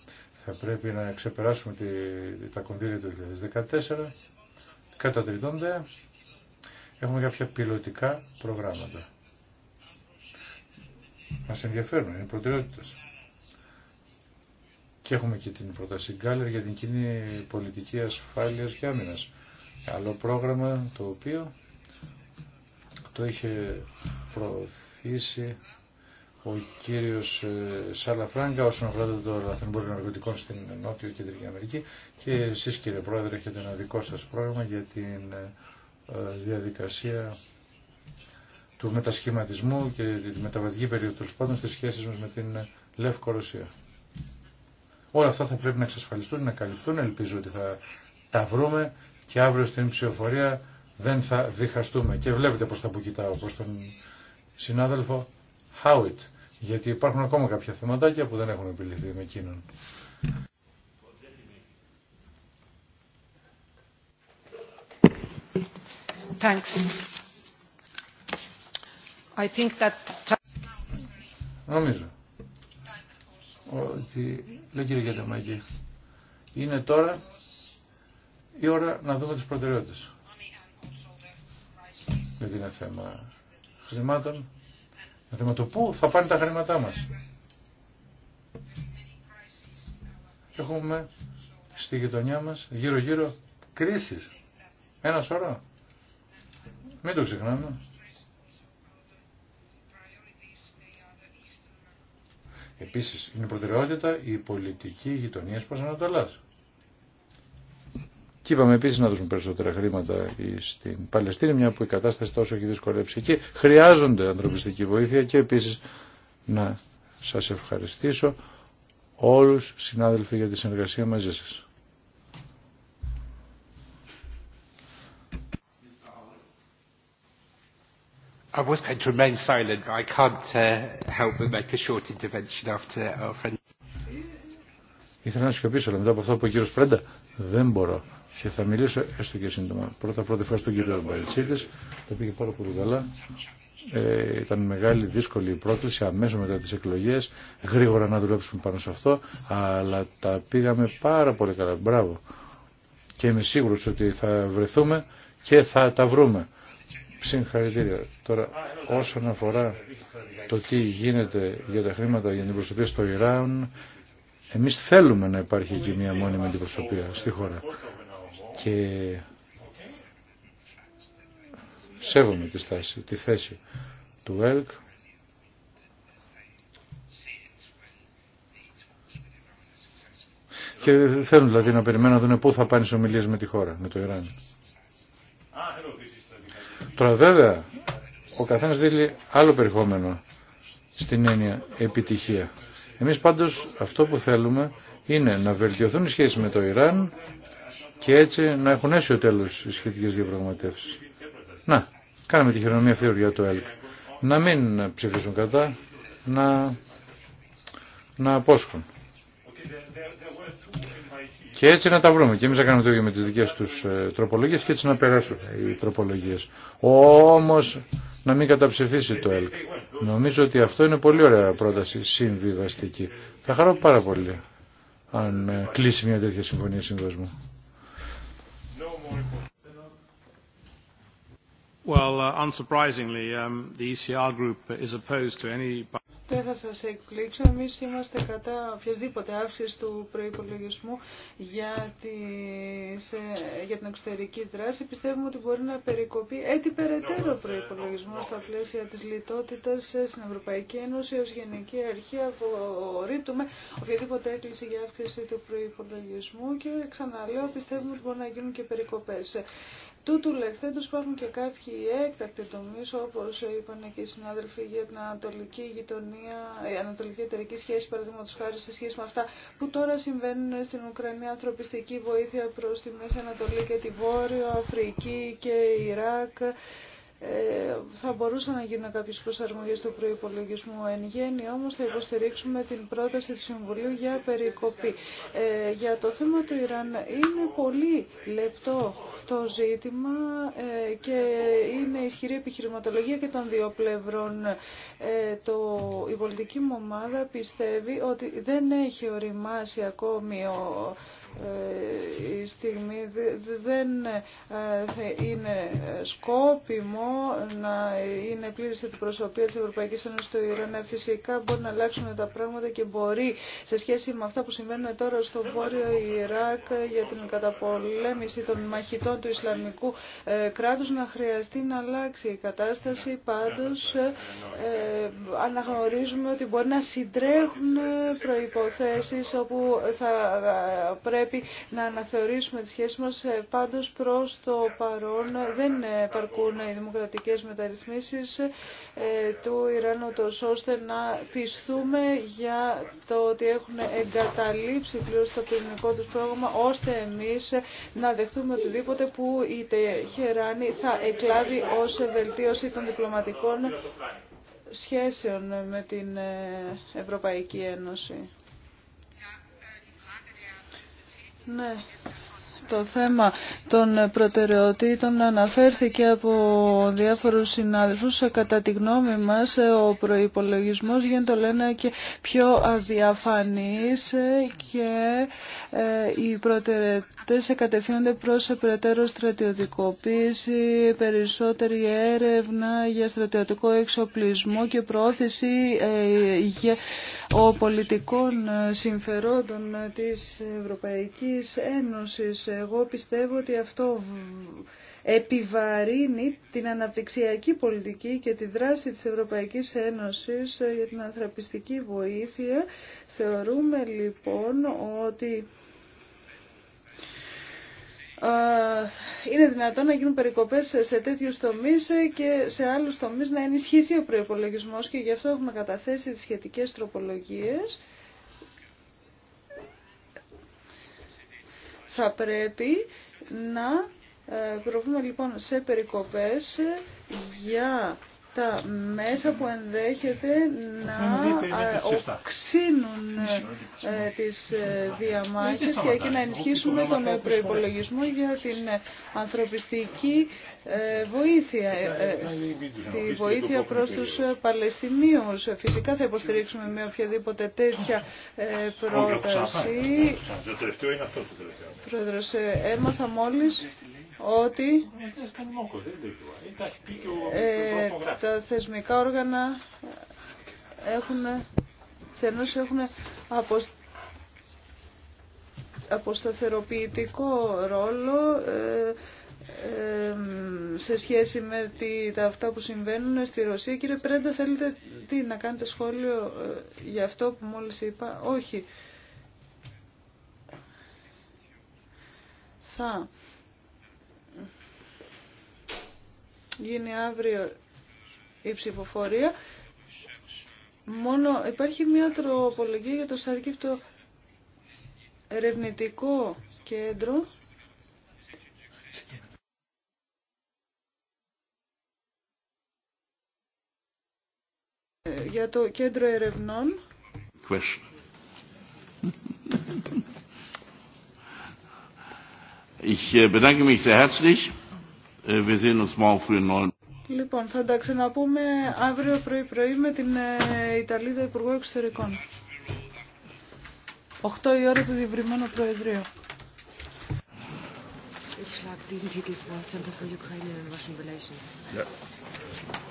Θα πρέπει να ξεπεράσουμε τη, τα κονδύλια του 2014. Κατά τριτών δε, έχουμε κάποια πιλωτικά προγράμματα. Μας ενδιαφέρουν, είναι προτεραιότητες. Και έχουμε και την πρόταση Γκάλερ για την κοινή πολιτική ασφάλεια και άμυνα. Άλλο πρόγραμμα το οποίο το είχε προωθήσει ο κύριος ε, Φράγκα όσον αφορά το λαθρεμπόριο ναρκωτικών στην Νότιο Κεντρική Αμερική και εσεί κύριε Πρόεδρε έχετε ένα δικό σας πρόγραμμα για την ε, διαδικασία του μετασχηματισμού και τη μεταβατική περίοδο του πάντων στις σχέσεις μας με την Λευκορωσία. Όλα αυτά θα πρέπει να εξασφαλιστούν, να καλυφθούν. Ελπίζω ότι θα τα βρούμε και αύριο στην ψηφοφορία δεν θα διχαστούμε. Και βλέπετε πώς θα που κοιτάω, προς τον συνάδελφο Howitt. Γιατί υπάρχουν ακόμα κάποια θεματάκια που δεν έχουν επιληθεί με εκείνον. Νομίζω ότι, λέει κύριε είναι τώρα η ώρα να δούμε τις προτεραιότητες. Γιατί είναι θέμα χρημάτων, είναι θέμα το πού θα πάνε τα χρήματά μας. Έχουμε στη γειτονιά μας γύρω-γύρω κρίσεις. Ένα σωρό. Μην το ξεχνάμε. Επίσης, είναι προτεραιότητα η πολιτική γειτονία προ Ανατολά. Και είπαμε επίση να δώσουμε περισσότερα χρήματα στην Παλαιστίνη, μια που η κατάσταση τόσο έχει δυσκολέψει εκεί. Χρειάζονται ανθρωπιστική βοήθεια και επίση να σα ευχαριστήσω όλου συνάδελφοι για τη συνεργασία μαζί σα. I was going to remain silent, but I can't uh, help but make a short intervention after our friend. Ήθελα να σιωπήσω, αλλά μετά από αυτό που ο κύριο Πρέντα δεν μπορώ. Και θα μιλήσω έστω και σύντομα. Πρώτα πρώτα φορά τον κύριο Μπαλτσίδη, το πήγε πάρα πολύ καλά. Ε, ήταν μεγάλη, δύσκολη η πρόκληση αμέσω μετά τι εκλογέ. Γρήγορα να δουλέψουμε πάνω σε αυτό, αλλά τα πήγαμε πάρα πολύ καλά. Μπράβο. Και είμαι σίγουρο ότι θα βρεθούμε και θα τα βρούμε. Συγχαρητήρια. Τώρα, όσον αφορά το τι γίνεται για τα χρήματα για την προσωπία στο Ιράν, εμείς θέλουμε να υπάρχει εκεί μια μόνιμη αντιπροσωπεία στη χώρα. Και σέβομαι τη στάση, τη θέση του ΕΛΚ. Και θέλουν δηλαδή να περιμένουν να δουν πού θα πάνε οι ομιλίες με τη χώρα, με το Ιράν. Τώρα βέβαια ο καθένας δίνει άλλο περιεχόμενο στην έννοια επιτυχία. Εμείς πάντως αυτό που θέλουμε είναι να βελτιωθούν οι σχέσεις με το Ιράν και έτσι να έχουν ο τέλος οι σχετικές διαπραγματεύσεις. Να, κάναμε τη χειρονομία αυτή για το ΕΛΚ. Να μην ψηφίσουν κατά, να, να απόσχουν. Και έτσι να τα βρούμε. Και εμεί να κάνουμε το ίδιο με τι δικέ του ε, τροπολογίε και έτσι να περάσουν οι τροπολογίε. Όμω να μην καταψηφίσει το ΕΛΚ. Νομίζω ότι αυτό είναι πολύ ωραία πρόταση συμβιβαστική. Θα χαρώ πάρα πολύ αν κλείσει μια τέτοια συμφωνία συμβασμού. Well, uh, unsurprisingly, um, the ECR group is opposed to any δεν θα σας εκπλήξω. Εμείς είμαστε κατά οποιασδήποτε αύξηση του προϋπολογισμού για, σε, για την εξωτερική δράση. Πιστεύουμε ότι μπορεί να περικοπεί έτσι περαιτέρω ε, προϋπολογισμό στα πλαίσια της λιτότητας ε, στην Ευρωπαϊκή Ένωση ως Γενική Αρχή. Απορρίπτουμε οποιαδήποτε έκκληση για αύξηση του προϋπολογισμού και ξαναλέω πιστεύουμε ότι μπορεί να γίνουν και περικοπές. Τούτου λεχθέντος υπάρχουν και κάποιοι έκτακτοι τομείς, όπως είπαν και οι συνάδελφοι για την ανατολική γειτονία, η ε, ανατολική εταιρική σχέση, παραδείγματος χάρη, σε σχέση με αυτά που τώρα συμβαίνουν στην Ουκρανία, ανθρωπιστική βοήθεια προς τη Μέση Ανατολή και τη Βόρειο, Αφρική και Ιράκ, ε, θα μπορούσαν να γίνουν κάποιες προσαρμογές στο προϋπολογισμό εν γέννη, όμως θα υποστηρίξουμε την πρόταση του Συμβουλίου για περικοπή. Ε, για το θέμα του Ιράν είναι πολύ λεπτό το ζήτημα ε, και είναι ισχυρή επιχειρηματολογία και των δύο πλευρών. το, η πολιτική μου ομάδα πιστεύει ότι δεν έχει οριμάσει ακόμη ο, ε, η στιγμή δεν ε, είναι σκόπιμο να είναι την προσωπία της Ευρωπαϊκής Ένωσης στο Ιράν. Ε, φυσικά μπορεί να αλλάξουν τα πράγματα και μπορεί σε σχέση με αυτά που συμβαίνουν τώρα στο Βόρειο Ιράκ για την καταπολέμηση των μαχητών του Ισλαμικού κράτους να χρειαστεί να αλλάξει η κατάσταση. Πάντως αναγνωρίζουμε ότι μπορεί να συντρέχουν προϋποθέσεις όπου θα πρέπει πρέπει να αναθεωρήσουμε τη σχέση μας. Ε, πάντως προς το παρόν ε, δεν ε, παρκούν οι δημοκρατικές μεταρρυθμίσεις του Ιράν ώστε να πιστούμε για το ότι έχουν εγκαταλείψει πλήρως το πυρηνικό τους πρόγραμμα ώστε εμείς να δεχτούμε οτιδήποτε που η Τεχεράνη θα εκλάβει ως βελτίωση των διπλωματικών σχέσεων με την Ευρωπαϊκή Ένωση. Ναι. Το θέμα των προτεραιοτήτων αναφέρθηκε από διάφορους συνάδελφους. Κατά τη γνώμη μας, ο προϋπολογισμός γίνεται λένε και πιο αδιαφανής και η ε, προτεραιότητα κατευθύνονται προς περαιτέρω στρατιωτικοποίηση, περισσότερη έρευνα για στρατιωτικό εξοπλισμό και προώθηση ε, ο πολιτικών ε, συμφερόντων ε, της Ευρωπαϊκής Ένωσης. Εγώ πιστεύω ότι αυτό επιβαρύνει την αναπτυξιακή πολιτική και τη δράση της Ευρωπαϊκής Ένωσης για την ανθρωπιστική βοήθεια. Θεωρούμε λοιπόν ότι ε, είναι δυνατόν να γίνουν περικοπές σε τέτοιους τομείς και σε άλλους τομείς να ενισχυθεί ο προϋπολογισμός και γι' αυτό έχουμε καταθέσει τις σχετικές τροπολογίες. Θα πρέπει να ε, προβούμε λοιπόν σε περικοπές για τα μέσα που ενδέχεται να ε, οξύνουν ε, τις ε, διαμάχες και, να ενισχύσουμε τον προϋπολογισμό για την ανθρωπιστική βοήθεια, τη βοήθεια προς τους Παλαιστινίους. Φυσικά θα υποστηρίξουμε με οποιαδήποτε τέτοια πρόταση. Πρόεδρος, έμαθα μόλις ότι ε, τα θεσμικά όργανα έχουν, σε ενός αποσταθεροποιητικό ρόλο ε, σε σχέση με τη, τα αυτά που συμβαίνουν στη Ρωσία. Κύριε Πρέντα, θέλετε τι, να κάνετε σχόλιο ε, για αυτό που μόλις είπα. Όχι. Σα. γίνει αύριο η ψηφοφορία. Μόνο υπάρχει μια τροπολογία για το Σαρκίφτο ερευνητικό κέντρο. Για το κέντρο ερευνών. Ich äh, bedanke mich sehr herzlich. Wir sehen uns morgen früh 9. Λοιπόν, θα τα ξαναπούμε αύριο πρωί-πρωί με την ε, Ιταλίδα Υπουργό Εξωτερικών. 8 η ώρα του διευρυμένου Προεδρείου. Ich schlage diesen Titel vor, Center for Ukrainian and Russian Relations. Yeah. Ναι.